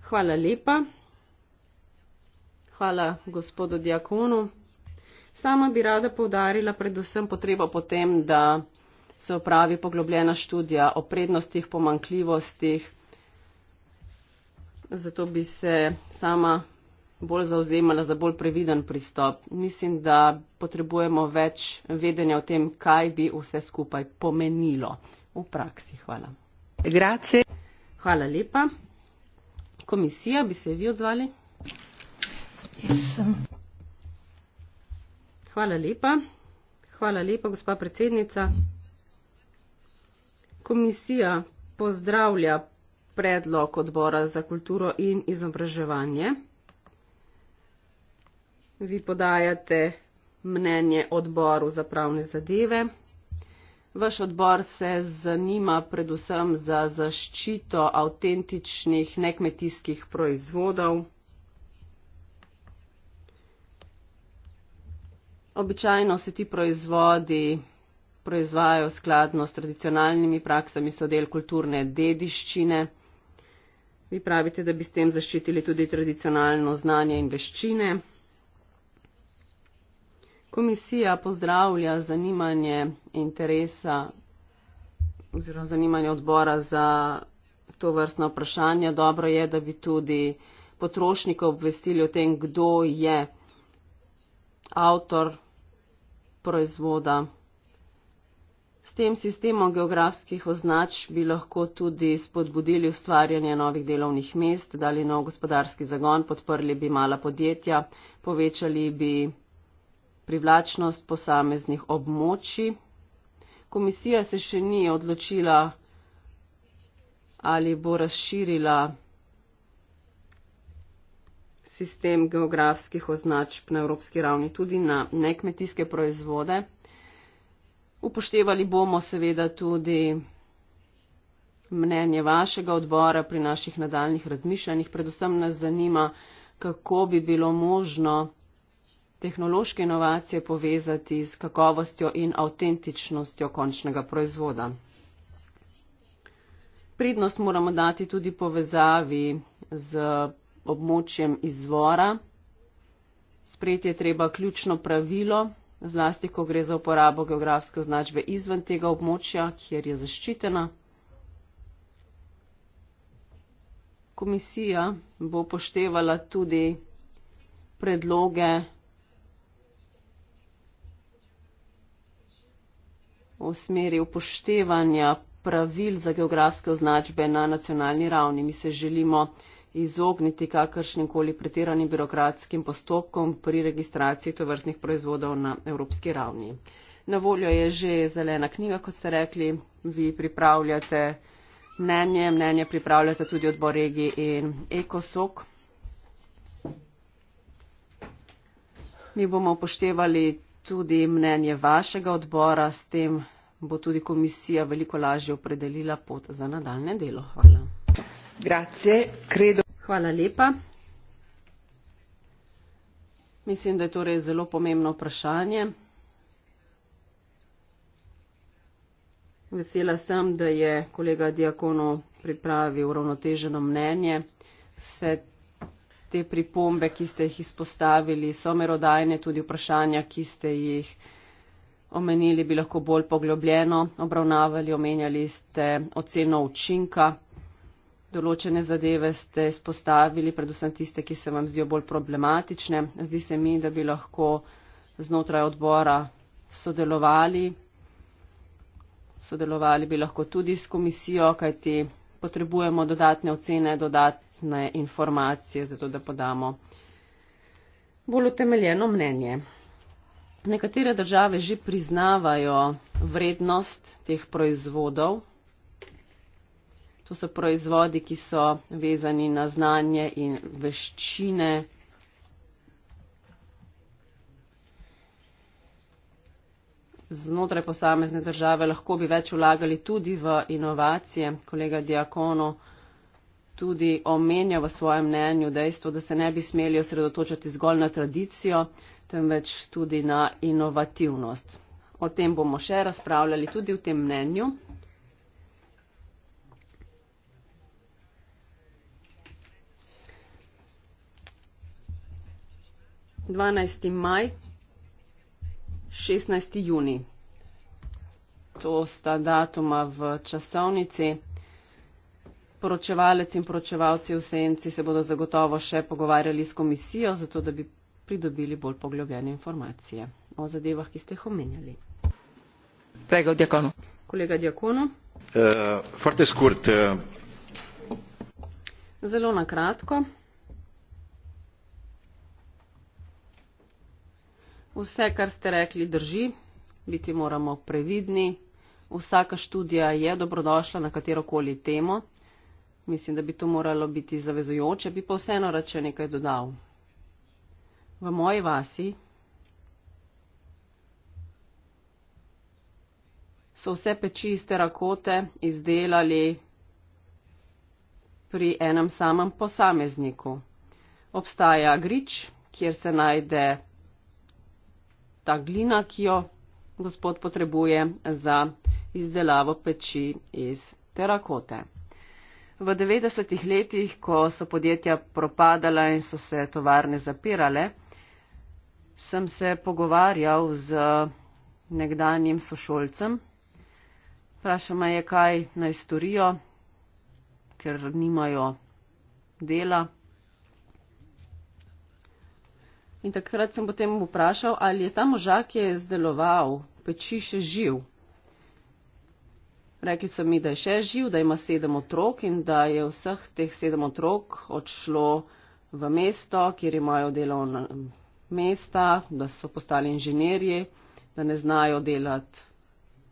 Hvala lepa. Hvala gospodu Diakonu. Sama bi rada povdarila predvsem potrebo potem, da se upravi poglobljena študija o prednostih, pomankljivostih. Zato bi se sama bolj zauzemala za bolj previden pristop. Mislim, da potrebujemo več vedenja o tem, kaj bi vse skupaj pomenilo v praksi. Hvala. Grazie. Hvala lepa. Komisija, bi se vi odzvali? Yes. Hvala lepa. Hvala lepa, gospa predsednica komisija pozdravlja predlog odbora za kulturo in izobraževanje. Vi podajate mnenje odboru za pravne zadeve. Vaš odbor se zanima predvsem za zaščito avtentičnih nekmetijskih proizvodov. Običajno se ti proizvodi proizvajajo skladno s tradicionalnimi praksami, so del kulturne dediščine. Vi pravite, da bi s tem zaščitili tudi tradicionalno znanje in veščine. Komisija pozdravlja zanimanje interesa oziroma zanimanje odbora za to vrstno vprašanje. Dobro je, da bi tudi potrošnika obvestili o tem, kdo je avtor proizvoda tem sistemom geografskih označ bi lahko tudi spodbudili ustvarjanje novih delovnih mest, dali nov gospodarski zagon, podprli bi mala podjetja, povečali bi privlačnost posameznih območij. Komisija se še ni odločila, ali bo razširila sistem geografskih označb na evropski ravni tudi na nekmetijske proizvode. Upoštevali bomo seveda tudi mnenje vašega odbora pri naših nadaljnih razmišljanjih. Predvsem nas zanima, kako bi bilo možno tehnološke inovacije povezati z kakovostjo in avtentičnostjo končnega proizvoda. Prednost moramo dati tudi povezavi z območjem izvora. Sprejeti je treba ključno pravilo, zlasti, ko gre za uporabo geografske označbe izven tega območja, kjer je zaščitena. Komisija bo poštevala tudi predloge v smeri upoštevanja pravil za geografske označbe na nacionalni ravni. Mi se želimo izogniti kakršnim koli pretiranim birokratskim postopkom pri registraciji tovrstnih proizvodov na evropski ravni. Na voljo je že zelena knjiga, kot ste rekli, vi pripravljate mnenje, mnenje pripravljate tudi odbor regij in ekosok. Mi bomo upoštevali tudi mnenje vašega odbora, s tem bo tudi komisija veliko lažje opredelila pot za nadaljne delo. Hvala mislim da je to res zelo pomembno vprašanje vesela sem da je kolega diakonu pripravil uravnoteženo mnenje vse te pripombe ki ste jih izpostavili so merodajne tudi vprašanja ki ste jih omenili bi lahko bolj poglobljeno obravnavali omenjali ste oceno učinka določene zadeve ste spostavili, predvsem tiste, ki se vam zdijo bolj problematične. Zdi se mi, da bi lahko znotraj odbora sodelovali. Sodelovali bi lahko tudi s komisijo, kajti potrebujemo dodatne ocene, dodatne informacije, zato da podamo bolj utemeljeno mnenje. Nekatere države že priznavajo vrednost teh proizvodov To so proizvodi, ki so vezani na znanje in veščine. Znotraj posamezne države lahko bi več vlagali tudi v inovacije. Kolega Diakono tudi omenja v svojem mnenju dejstvo, da se ne bi smeli osredotočati zgolj na tradicijo, temveč tudi na inovativnost. O tem bomo še razpravljali tudi v tem mnenju. 12. maj, 16. juni. To sta datuma v časovnici. Poročevalec in poročevalci v senci se bodo zagotovo še pogovarjali s komisijo, zato da bi pridobili bolj poglobljene informacije o zadevah, ki ste jih omenjali. Prego, Diakonu. Kolega Diakonu. Uh, eh, Forte skurt. Uh... Zelo na kratko. vse, kar ste rekli, drži, biti moramo previdni. Vsaka študija je dobrodošla na katero koli temo. Mislim, da bi to moralo biti zavezujoče, bi pa vseeno rače nekaj dodal. V moji vasi so vse peči iz terakote izdelali pri enem samem posamezniku. Obstaja grič, kjer se najde ta glina, ki jo gospod potrebuje za izdelavo peči iz terakote. V 90. letih, ko so podjetja propadala in so se tovarne zapirale, sem se pogovarjal z nekdanjim sošolcem. Vprašal me je, kaj naj storijo, ker nimajo dela. In takrat sem potem vprašal, ali je ta možak, ki je izdeloval peči, še živ. Rekli so mi, da je še živ, da ima sedem otrok in da je vseh teh sedem otrok odšlo v mesto, kjer imajo delovna mesta, da so postali inženirji, da ne znajo delati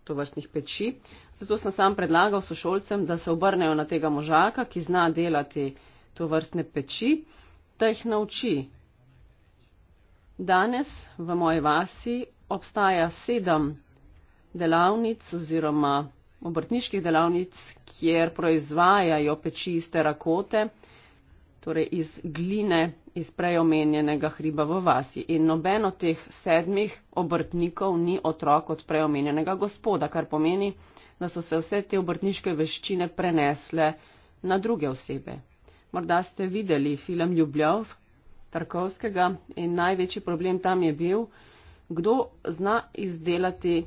to vrstnih peči. Zato sem sam predlagal sošolcem, da se obrnejo na tega možaka, ki zna delati to vrstne peči, da jih nauči, Danes v moji vasi obstaja sedem delavnic oziroma obrtniških delavnic, kjer proizvajajo peči iz terakote, torej iz gline iz preomenjenega hriba v vasi. In noben od teh sedmih obrtnikov ni otrok od preomenjenega gospoda, kar pomeni, da so se vse te obrtniške veščine prenesle na druge osebe. Morda ste videli film Ljubljav, Tarkovskega in največji problem tam je bil, kdo zna izdelati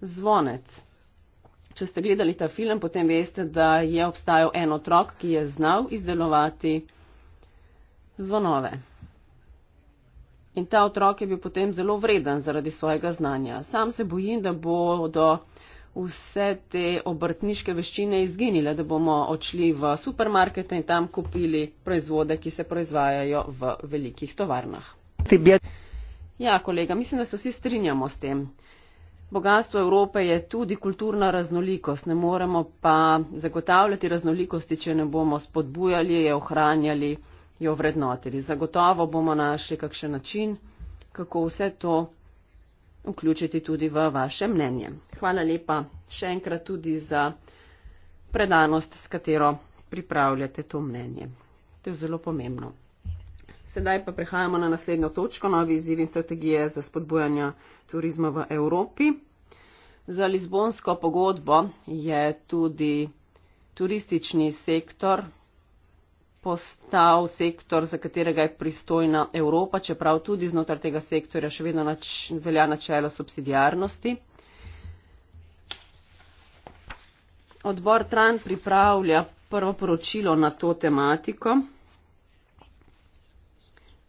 zvonec. Če ste gledali ta film, potem veste, da je obstajal en otrok, ki je znal izdelovati zvonove. In ta otrok je bil potem zelo vreden zaradi svojega znanja. Sam se bojim, da bo do vse te obrtniške veščine izginile, da bomo odšli v supermarkete in tam kupili proizvode, ki se proizvajajo v velikih tovarnah. Ja, kolega, mislim, da se vsi strinjamo s tem. Bogatstvo Evrope je tudi kulturna raznolikost, ne moremo pa zagotavljati raznolikosti, če ne bomo spodbujali, jo ohranjali, jo vrednotili. Zagotovo bomo našli kakšen način, kako vse to vključiti tudi v vaše mnenje. Hvala lepa še enkrat tudi za predanost, s katero pripravljate to mnenje. To je zelo pomembno. Sedaj pa prehajamo na naslednjo točko, novi izziv in strategije za spodbujanje turizma v Evropi. Za Lizbonsko pogodbo je tudi turistični sektor postal sektor, za katerega je pristojna Evropa, čeprav tudi znotraj tega sektorja še vedno nač, velja načelo subsidijarnosti. Odbor Tran pripravlja prvo poročilo na to tematiko.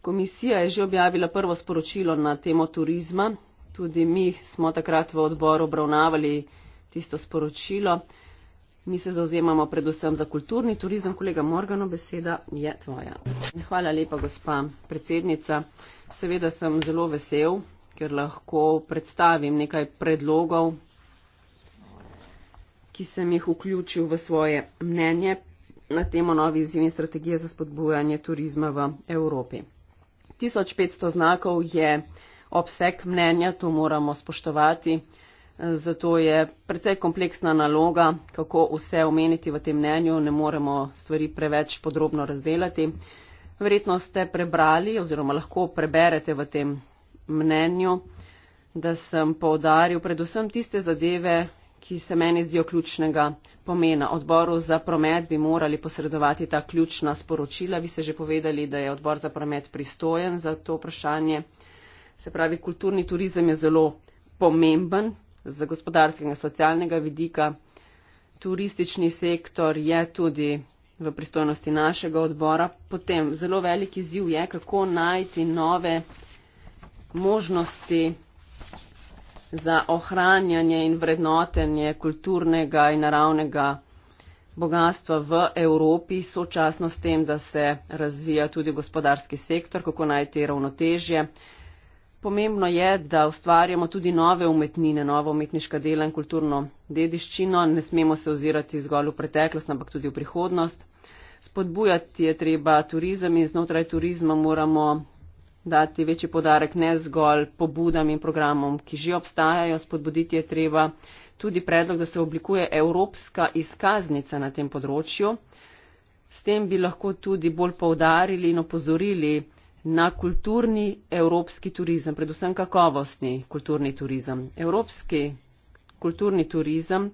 Komisija je že objavila prvo sporočilo na temo turizma. Tudi mi smo takrat v odboru obravnavali tisto sporočilo. Mi se zauzemamo predvsem za kulturni turizem. Kolega Morgano, beseda je tvoja. Hvala lepa, gospa predsednica. Seveda sem zelo vesel, ker lahko predstavim nekaj predlogov, ki sem jih vključil v svoje mnenje na temo novi izzivni strategije za spodbujanje turizma v Evropi. 1500 znakov je obseg mnenja, to moramo spoštovati zato je precej kompleksna naloga, kako vse omeniti v tem mnenju, ne moremo stvari preveč podrobno razdelati. Verjetno ste prebrali oziroma lahko preberete v tem mnenju, da sem povdaril predvsem tiste zadeve, ki se meni zdijo ključnega pomena. Odboru za promet bi morali posredovati ta ključna sporočila. Vi ste že povedali, da je odbor za promet pristojen za to vprašanje. Se pravi, kulturni turizem je zelo pomemben z gospodarskega in socialnega vidika. Turistični sektor je tudi v pristojnosti našega odbora. Potem zelo veliki ziv je, kako najti nove možnosti za ohranjanje in vrednotenje kulturnega in naravnega bogatstva v Evropi, sočasno s tem, da se razvija tudi gospodarski sektor, kako najti ravnotežje pomembno je, da ustvarjamo tudi nove umetnine, novo umetniška dela in kulturno dediščino. Ne smemo se ozirati zgolj v preteklost, ampak tudi v prihodnost. Spodbujati je treba turizem in znotraj turizma moramo dati večji podarek ne zgolj pobudam in programom, ki že obstajajo. Spodbuditi je treba tudi predlog, da se oblikuje evropska izkaznica na tem področju. S tem bi lahko tudi bolj poudarili in opozorili, na kulturni evropski turizem, predvsem kakovostni kulturni turizem. Evropski kulturni turizem,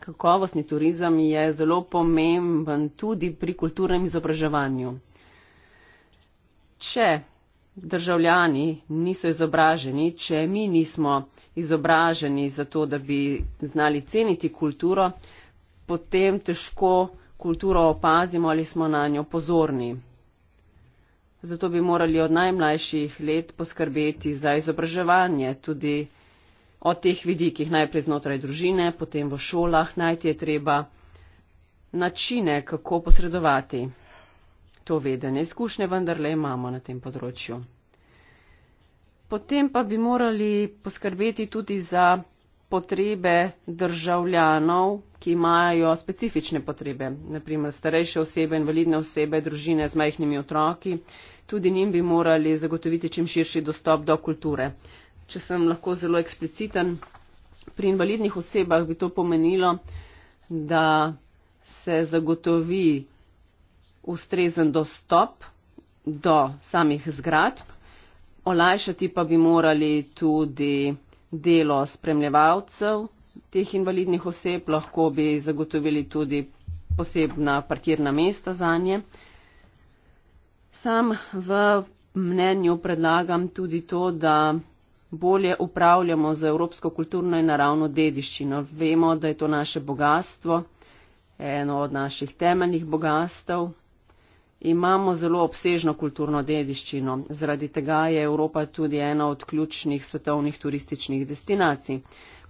kakovostni turizem je zelo pomemben tudi pri kulturnem izobraževanju. Če državljani niso izobraženi, če mi nismo izobraženi za to, da bi znali ceniti kulturo, potem težko kulturo opazimo ali smo na njo pozorni zato bi morali od najmlajših let poskrbeti za izobraževanje, tudi od teh vidikih najprej znotraj družine, potem v šolah, najti je treba načine, kako posredovati to vedenje. Izkušnje vendarle imamo na tem področju. Potem pa bi morali poskrbeti tudi za potrebe državljanov, ki imajo specifične potrebe, naprimer starejše osebe, invalidne osebe, družine z majhnimi otroki, tudi njim bi morali zagotoviti čim širši dostop do kulture. Če sem lahko zelo ekspliciten, pri invalidnih osebah bi to pomenilo, da se zagotovi ustrezen dostop do samih zgradb, olajšati pa bi morali tudi delo spremljevalcev teh invalidnih oseb, lahko bi zagotovili tudi posebna parkirna mesta za njih. Sam v mnenju predlagam tudi to, da bolje upravljamo z evropsko kulturno in naravno dediščino. Vemo, da je to naše bogatstvo, eno od naših temeljnih bogatstv. Imamo zelo obsežno kulturno dediščino, zaradi tega je Evropa tudi ena od ključnih svetovnih turističnih destinacij.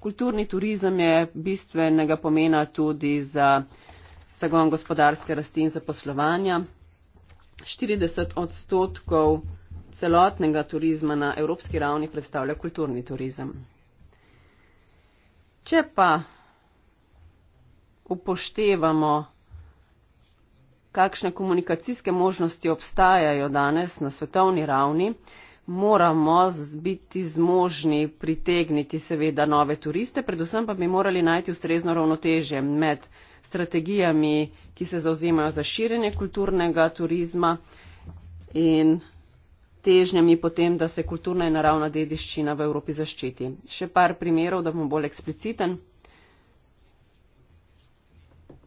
Kulturni turizem je bistvenega pomena tudi za zagon gospodarske rasti in zaposlovanja. 40 odstotkov celotnega turizma na evropski ravni predstavlja kulturni turizem. Če pa upoštevamo, kakšne komunikacijske možnosti obstajajo danes na svetovni ravni, moramo biti zmožni pritegniti seveda nove turiste, predvsem pa bi morali najti ustrezno ravnotežje med strategijami, ki se zauzemajo za širjenje kulturnega turizma in težnjami potem, da se kulturna in naravna dediščina v Evropi zaščiti. Še par primerov, da bom bolj ekspliciten.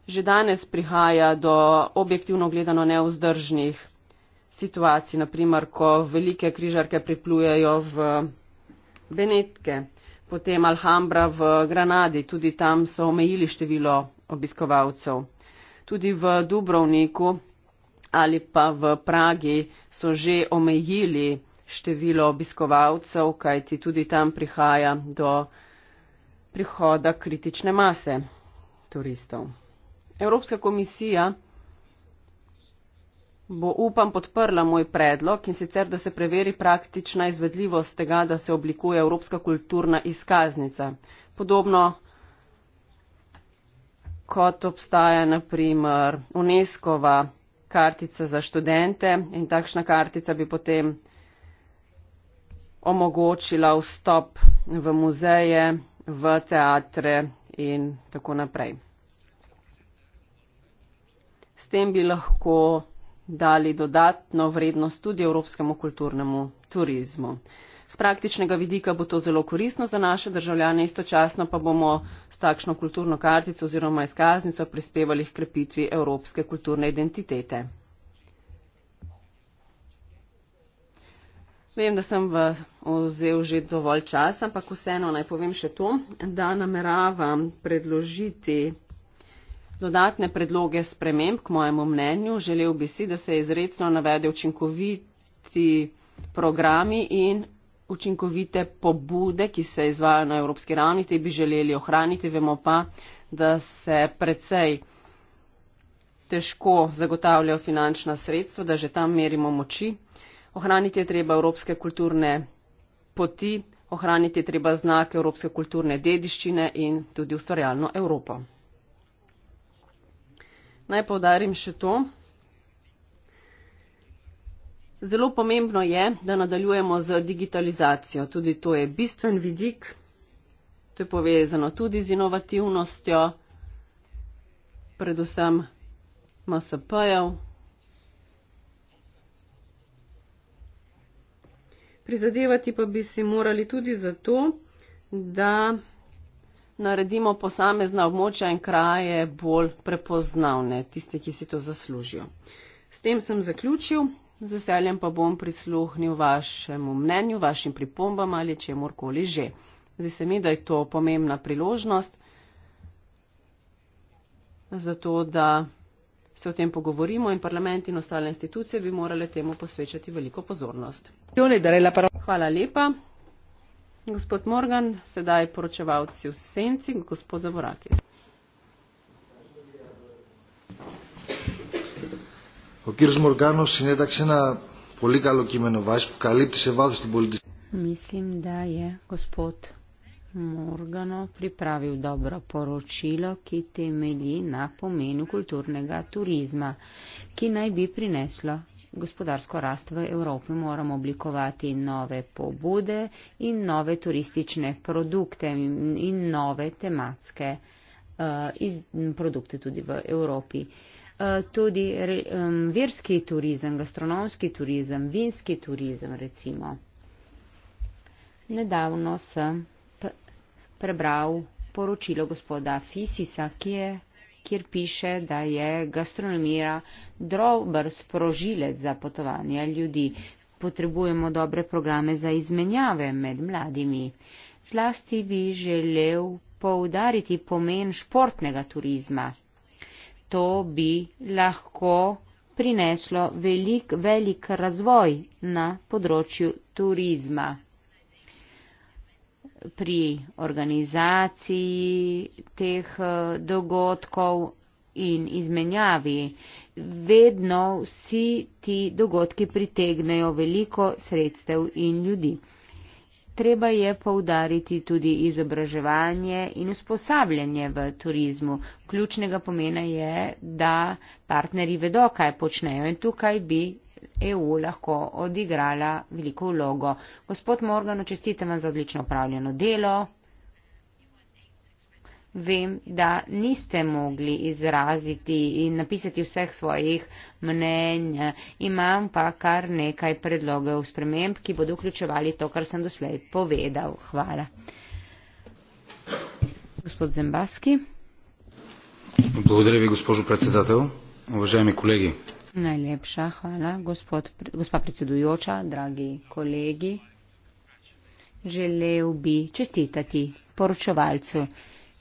Že danes prihaja do objektivno gledano neuzdržnih situacij, naprimer, ko velike križarke priplujejo v Benetke, potem Alhambra v Granadi, tudi tam so omejili število obiskovalcev. Tudi v Dubrovniku ali pa v Pragi so že omejili število obiskovalcev, kajti tudi tam prihaja do prihoda kritične mase turistov. Evropska komisija bo, upam, podprla moj predlog in sicer, da se preveri praktična izvedljivost tega, da se oblikuje Evropska kulturna izkaznica. Podobno kot obstaja naprimer UNESCO-va kartica za študente in takšna kartica bi potem omogočila vstop v muzeje, v teatre in tako naprej. S tem bi lahko dali dodatno vrednost tudi evropskemu kulturnemu turizmu. Z praktičnega vidika bo to zelo koristno za naše državljane, istočasno pa bomo s takšno kulturno kartico oziroma izkaznico prispevali k krepitvi evropske kulturne identitete. Vem, da sem vzel že dovolj časa, ampak vseeno naj povem še to, da nameravam predložiti dodatne predloge sprememb k mojemu mnenju. Želel bi si, da se izredno navede učinkoviti programi in učinkovite pobude, ki se izvajo na evropski ravni, te bi želeli ohraniti, vemo pa, da se precej težko zagotavljajo finančna sredstva, da že tam merimo moči. Ohraniti je treba evropske kulturne poti, ohraniti je treba znak evropske kulturne dediščine in tudi ustvarjalno Evropo. Naj povdarim še to. Zelo pomembno je, da nadaljujemo z digitalizacijo. Tudi to je bistven vidik. To je povezano tudi z inovativnostjo, predvsem MSP-jev. Prizadevati pa bi si morali tudi zato, da naredimo posamezna območja in kraje bolj prepoznavne, tiste, ki si to zaslužijo. S tem sem zaključil. Z veseljem pa bom prisluhnil vašemu mnenju, vašim pripombam ali čemorkoli že. Zdi se mi, da je to pomembna priložnost za to, da se o tem pogovorimo in parlament in ostale institucije bi morale temu posvečati veliko pozornost. Hvala lepa. Gospod Morgan, sedaj poročevalci v senci, gospod Zavorakis. Ο κύριος Μοργάνος συνέταξε ένα πολύ καλό κείμενο βάση που καλύπτει σε βάθος την πολιτική.
Μίσλιμ δα ε, γοσπότ Μοργάνο, πριπράβει ουδόμπρο ποροτσίλο και τεμελεί να απομένου κουλτούρνεγα τουρίσμα και να ειμπή πρινέσλο gospodarsko rast v Evropi moramo oblikovati nove pobude in nove turistične produkte in nove tematske uh, iz, produkte tudi v Evropi. Uh, Eh, tudi um, verski turizem, gastronomski turizem, vinski turizem recimo. Nedavno sem prebral poročilo gospoda Fisisa, ki je, kjer piše, da je gastronomija drober sprožilec za potovanje ljudi. Potrebujemo dobre programe za izmenjave med mladimi. Zlasti bi želel poudariti pomen športnega turizma to bi lahko prineslo velik, velik razvoj na področju turizma. Pri organizaciji teh eh, dogodkov in izmenjavi vedno vsi ti dogodki pritegnejo veliko sredstev in ljudi treba je povdariti tudi izobraževanje in usposabljanje v turizmu. Ključnega pomena je, da partneri vedo, kaj počnejo in tukaj bi EU lahko odigrala veliko vlogo. Gospod Morgan, očestitam vam za odlično upravljeno delo vem, da niste mogli izraziti in napisati vseh svojih mnenj. Imam pa kar nekaj predlogov sprememb, ki bodo vključevali to, kar sem doslej povedal. Hvala. Gospod Zembaski. Благодаря ви, госпожо председател. Уважаеми колеги. Najlepša hvala, gospod, gospa predsedujoča, dragi kolegi. Želel bi čestitati poročevalcu.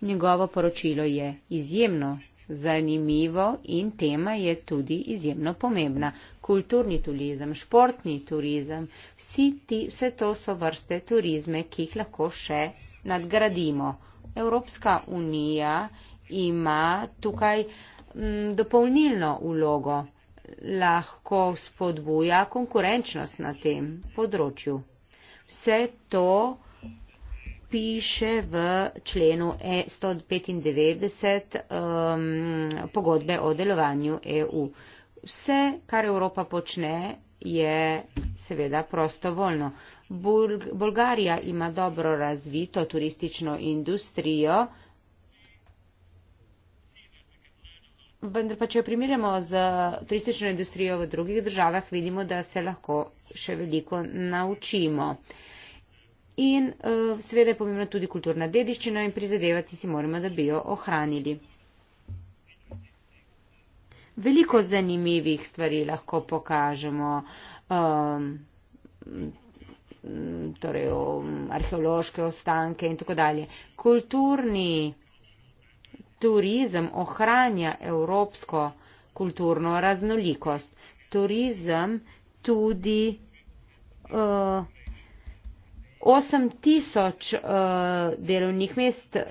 Njegovo poročilo je izjemno zanimivo in tema je tudi izjemno pomembna. Kulturni turizem, športni turizem, vsi ti, vse to so vrste turizme, ki jih lahko še nadgradimo. Evropska unija ima tukaj m, mm, dopolnilno ulogo, lahko spodbuja konkurenčnost na tem področju. Vse to piše v členu E195 um, pogodbe o delovanju EU. Vse, kar Evropa počne, je seveda prostovoljno. Bul Bolgarija ima dobro razvito turistično industrijo, vendar pa če jo primerjamo z turistično industrijo v drugih državah, vidimo, da se lahko še veliko naučimo. Uh, in eh, seveda je pomembna tudi kulturna dediščina in prizadevati si moramo, da bi jo ohranili. Veliko zanimivih stvari lahko pokažemo, um, torej arheološke ostanke in tako dalje. Kulturni turizem ohranja evropsko kulturno raznolikost. Turizem tudi uh, osem tisoč uh, eh, delovnih mest, eh,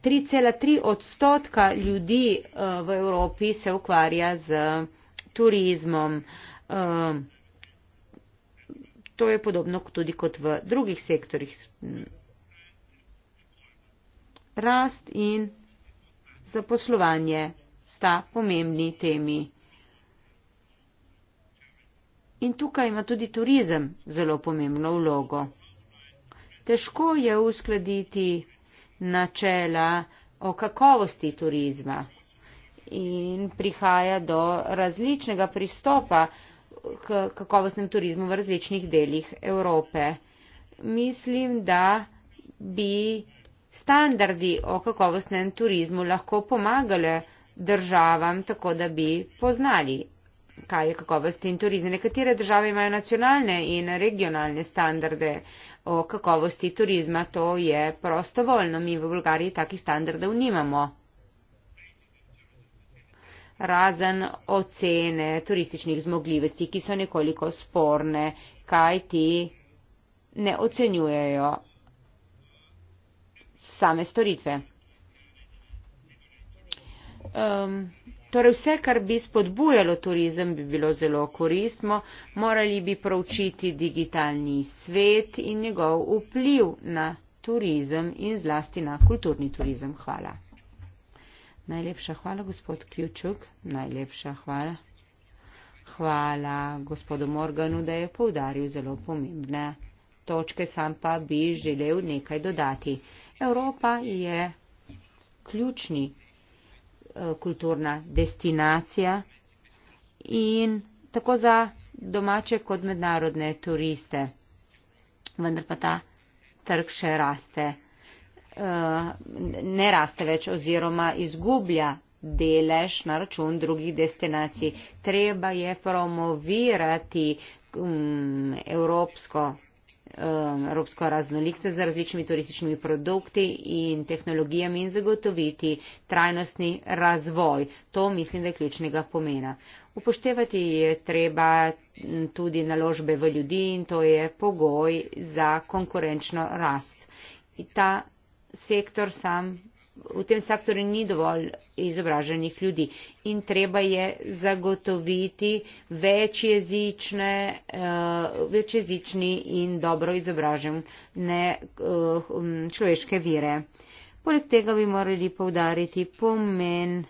tri cela tri odstotka ljudi uh, v Evropi se ukvarja z turizmom. Uh, to je podobno tudi kot v drugih sektorjih. Rast in zaposlovanje sta pomembni temi. In tukaj ima tudi turizem zelo pomembno vlogo. Težko je uskladiti načela o kakovosti turizma in prihaja do različnega pristopa k kakovostnem turizmu v različnih delih Evrope. Mislim, da bi standardi o kakovostnem turizmu lahko pomagali državam, tako da bi poznali kaj je kakovost in turizem. Nekatere države imajo nacionalne in regionalne standarde o kakovosti turizma, to je prostovoljno. Mi v Bulgariji takih standardov nimamo. Razen ocene turističnih zmogljivosti, ki so nekoliko sporne, kaj ti ne ocenjujejo same storitve. Um, torej vse kar bi spodbujalo turizem bi bilo zelo koristno morali bi proučiti digitalni svet in njegov vpliv na turizem in zlasti na kulturni turizem. Hvala. Najlepša hvala, gospod Ključuk. Najlepša hvala. Hvala gospodu Morganu, da je poudaril zelo pomembne točke, sam pa bi želel nekaj dodati. Evropa je ključni Eh, kulturna destinacija in tako za domače kot mednarodne turiste. Vendar pa ta trg še raste, eh, ne raste več oziroma izgublja delež na račun drugih destinacij. Treba je promovirati um, evropsko Um, evropsko raznolikost z različnimi turističnimi produkti in tehnologijami in zagotoviti trajnostni razvoj. To mislim, da je ključnega pomena. Upoštevati je treba tudi naložbe v ljudi in to je pogoj za konkurenčno rast. Ta sektor sam v tem sektorju ni dovolj izobraženih ljudi in treba je zagotoviti večjezične, eh, večjezični in dobro izobražene eh, človeške vire. Poleg tega bi morali povdariti pomen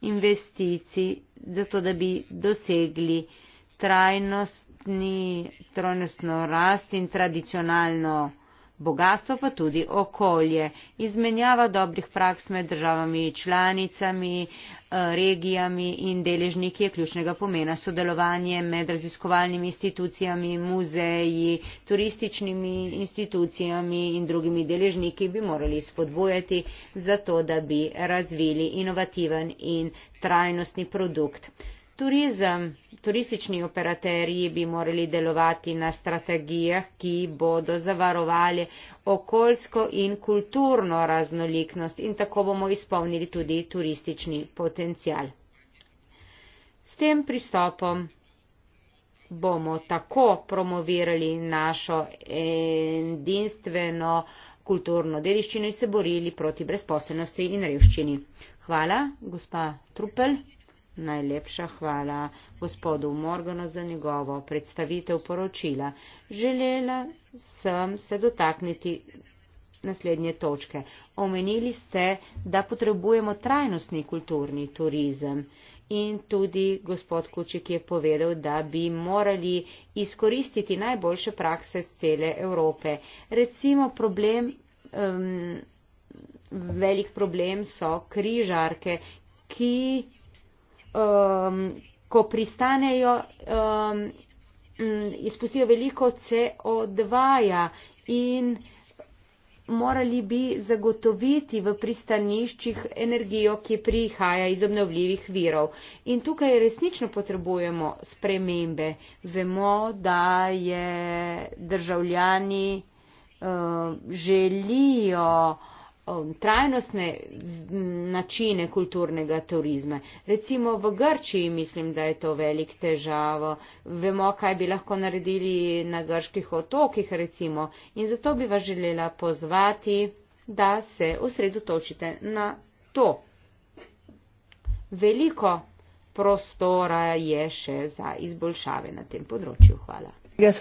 investicij, zato da bi dosegli trajnostni, trajnostno rast in tradicionalno bogatstvo pa tudi okolje. Izmenjava dobrih praks med državami, članicami, eh, regijami in deležniki je ključnega pomena. Sodelovanje med raziskovalnimi institucijami, muzeji, turističnimi institucijami in drugimi deležniki bi morali spodbujati za to, da bi razvili inovativen in trajnostni produkt turizem turistični operaterji bi morali delovati na strategijah ki bodo zavarovali okoljsko in kulturno raznolikost in tako bomo izpolnili tudi turistični potencial s tem pristopom bomo tako promovirali našo edinstveno kulturno dediščino in se borili proti brezposelnosti in revščini. Hvala, gospa Trupel. Najlepša hvala gospodu Morganu za njegovo predstavitev poročila. Želela sem se dotakniti naslednje točke. Omenili ste, da potrebujemo trajnostni kulturni turizem. In tudi gospod Kuček je povedal, da bi morali izkoristiti najboljše prakse z cele Evrope. Recimo problem, um, velik problem so križarke, ki um, ko pristanejo, um, mm, izpustijo veliko CO2 -ja in morali bi zagotoviti v pristaniščih energijo, ki prihaja iz obnovljivih virov. In tukaj resnično potrebujemo spremembe. Vemo, da je državljani uh, želijo uh, Um, trajnostne načine kulturnega turizma. Recimo v Grčiji mislim, da je to velik težavo. Vemo, kaj bi lahko naredili na grških otokih recimo in zato bi vas želela pozvati, da se usredotočite na to. Veliko prostora je še za izboljšave na tem področju. Hvala. Gospa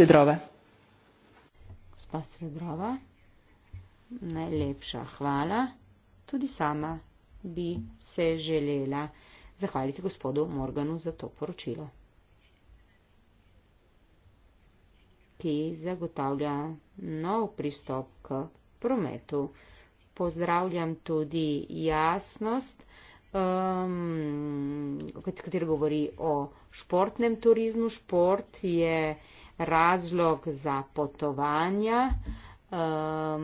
Svedrova. Najlepša hvala. Tudi sama bi se želela zahvaliti gospodu Morganu za to poročilo, ki zagotavlja nov pristop k prometu. Pozdravljam tudi jasnost, um, kateri govori o športnem turizmu. Šport je razlog za potovanja. Uh, um,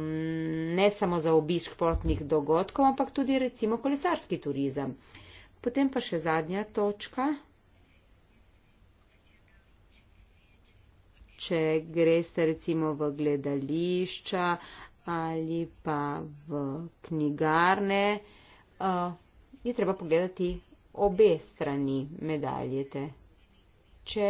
ne samo za obisk potnih dogodkov, ampak tudi recimo kolesarski turizem. Potem pa še zadnja točka. Če greste recimo v gledališča ali pa v knjigarne, uh, je treba pogledati obe strani medaljete. Če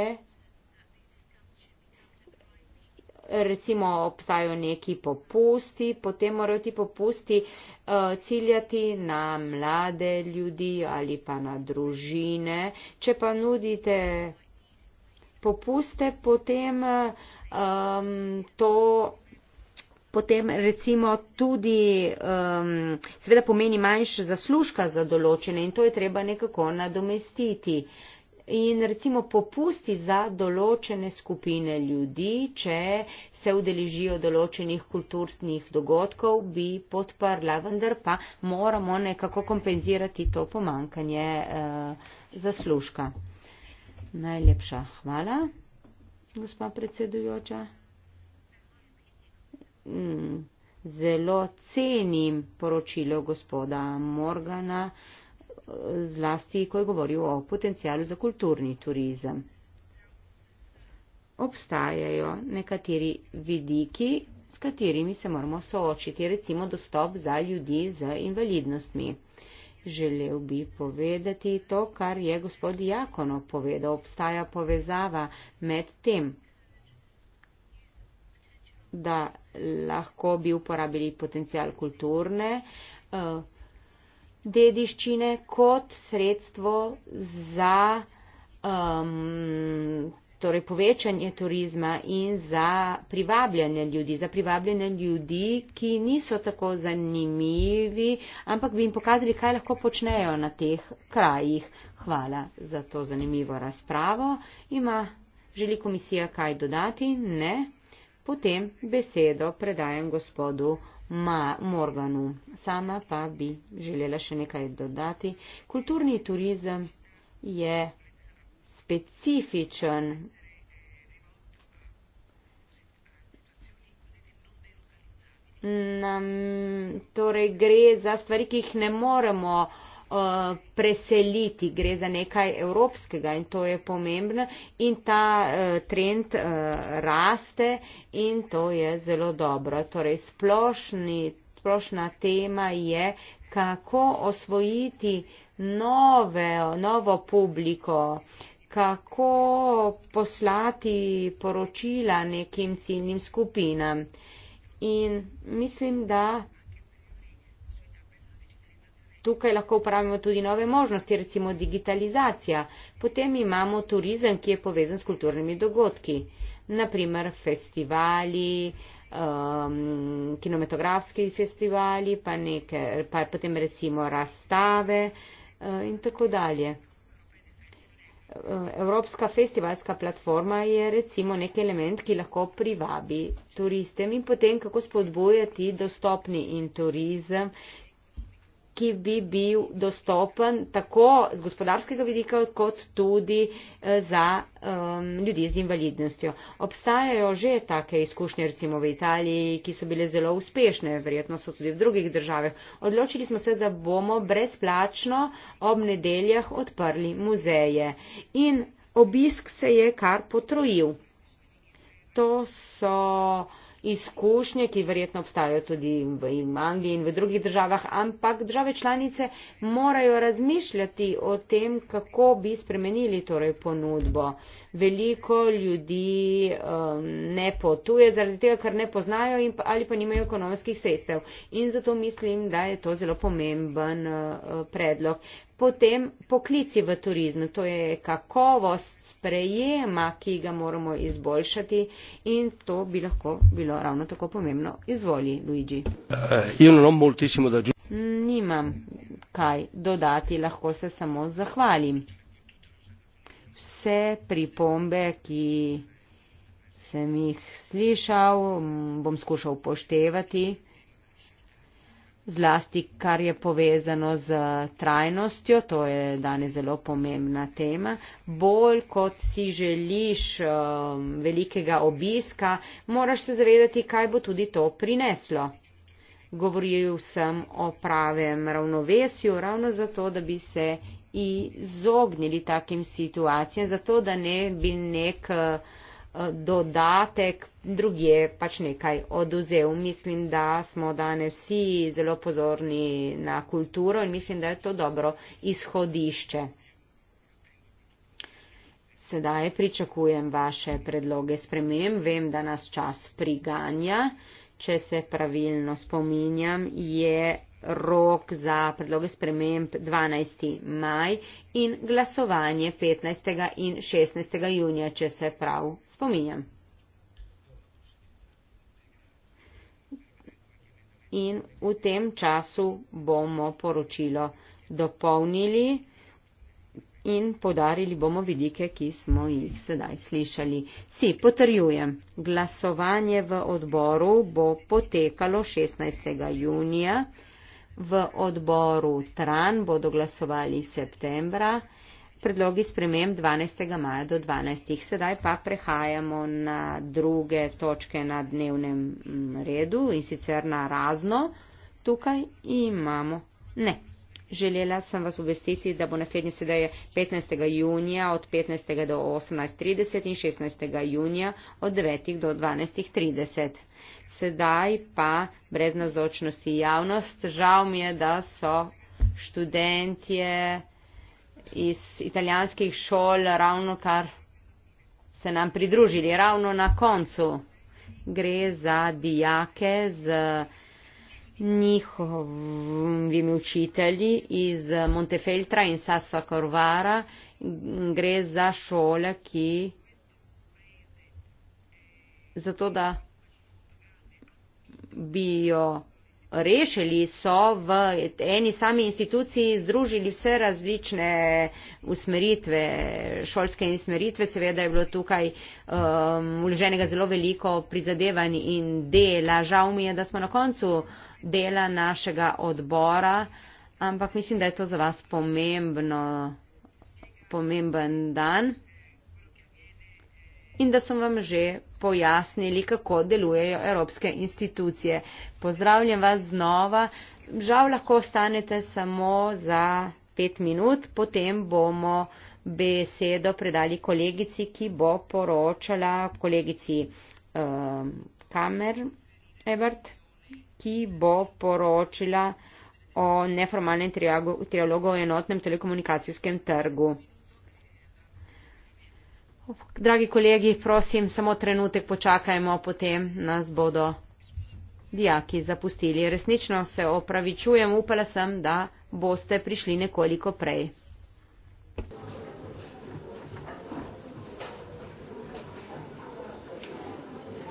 recimo obstajajo neki popusti, potem morajo ti popusti eh, ciljati na mlade ljudi ali pa na družine. Če pa nudite popuste, potem um, to. Potem recimo tudi, um, seveda pomeni manjša zaslužka za določene in to je treba nekako nadomestiti. Uh, in recimo popusti za določene skupine ljudi, če se udeležijo določenih kulturnih dogodkov, bi podprla, vendar pa moramo nekako kompenzirati to pomankanje eh, zaslužka. Najlepša hvala, gospa predsedujoča. Mm, zelo cenim poročilo gospoda Morgana zlasti, ko je govoril o potencijalu za kulturni turizem. Obstajajo nekateri vidiki, s katerimi se moramo soočiti, recimo dostop za ljudi z invalidnostmi. Želel bi povedati to, kar je gospod Jakono povedal. Obstaja povezava med tem, da lahko bi uporabili potencijal kulturne, eh, dediščine kot sredstvo za um, torej povečanje turizma in za privabljanje ljudi, za privabljanje ljudi, ki niso tako zanimivi, ampak bi jim pokazali, kaj lahko počnejo na teh krajih. Hvala za to zanimivo razpravo. Ima, želi komisija kaj dodati? Ne. Potem besedo predajem gospodu. Ma Morganu. Sama pa bi želela še nekaj dodati. Kulturni turizem je specifičen. Nam, torej gre za stvari, ki jih ne moremo. Eh, preseliti, gre za nekaj evropskega in to je pomembno in ta eh, trend eh, raste in to je zelo dobro. Torej, splošni, splošna tema je, kako osvojiti nove, novo publiko, kako poslati poročila nekim ciljnim skupinam. In mislim, da tukaj lahko uporabljamo tudi nove možnosti, recimo digitalizacija. Potem imamo turizem, ki je povezan s kulturnimi dogodki, naprimer festivali, um, kinematografski festivali, pa, neke, pa potem recimo razstave uh, in tako dalje. Evropska festivalska platforma je recimo nek element, ki lahko privabi turistem in potem kako spodbojati dostopni in turizem, ki bi bil dostopen tako z gospodarskega vidika, kot tudi eh, za um, ljudi z invalidnostjo. Obstajajo že take izkušnje, recimo v Italiji, ki so bile zelo uspešne, verjetno so tudi v drugih državah. Odločili smo se, da bomo brezplačno ob nedeljah odprli muzeje in obisk se je kar potrojil. To so izkušnje, ki verjetno obstajajo tudi v Angliji in v drugih državah, ampak države članice morajo razmišljati o tem, kako bi spremenili torej ponudbo veliko ljudi um, ne potuje zaradi tega, ker ne poznajo in, ali pa nimajo ekonomskih sredstev. In zato mislim, da je to zelo pomemben uh, predlog. Potem poklici v turizmu, to je kakovost sprejema, ki ga moramo izboljšati in to bi lahko bilo ravno tako pomembno. Izvoli, Luigi. Eh, Nimam kaj dodati, lahko se samo zahvalim vse pripombe, ki sem jih slišal, bom skušal poštevati, zlasti kar je povezano z trajnostjo, to je danes zelo pomembna tema. Bolj kot si želiš um, velikega obiska, moraš se zavedati, kaj bo tudi to prineslo. Govoril sem o pravem ravnovesju, ravno zato, da bi se izognili takim situacijam, zato da ne bi nek eh, dodatek drugje pač nekaj oduzel. Mislim, da smo danes vsi zelo pozorni na kulturo in mislim, da je to dobro izhodišče. Sedaj pričakujem vaše predloge spremem. Vem, da nas čas priganja. Če se pravilno spominjam, je rok za predloge sprememb 12. maj in glasovanje 15. in 16. junija, če se prav spominjam. In v tem času bomo poročilo dopolnili in podarili bomo vidike, ki smo jih sedaj slišali. Si, potrjujem, glasovanje v odboru bo potekalo 16. junija. V odboru Tran bodo glasovali septembra. Predlogi sprememb 12. maja do 12. Sedaj pa prehajamo na druge točke na dnevnem mm, redu in sicer na razno. Tukaj imamo. Ne. Želela sem vas obvestiti, da bo naslednji sedaj 15. junija od 15. do 18.30 in 16. junija od 9. do 12.30 sedaj pa brez navzočnosti javnost. Žal mi je, da so študentje iz italijanskih šol ravno kar se nam pridružili, ravno na koncu. Gre za dijake z njihovimi učitelji iz Montefeltra in Sassa Corvara. Gre za šole, ki. Zato da bi jo rešili, so v eni sami instituciji združili vse različne usmeritve, šolske usmeritve. Seveda je bilo tukaj um, vloženega zelo veliko prizadevanj in dela. Žal mi je, da smo na koncu dela našega odbora, ampak mislim, da je to za vas pomembno, pomemben dan. In da sem vam že pojasnili, kako delujejo evropske institucije. Pozdravljam vas znova. Žal lahko ostanete samo za pet minut, potem bomo besedo predali kolegici, ki bo poročala kolegici um, Kamer Ebert, ki bo poročila o neformalnem trialogu o enotnem telekomunikacijskem trgu. Dragi kolegi, prosim, samo trenutek počakajmo, potem nas bodo dijaki zapustili. Resnično se opravičujem, upala sem, da boste prišli nekoliko prej.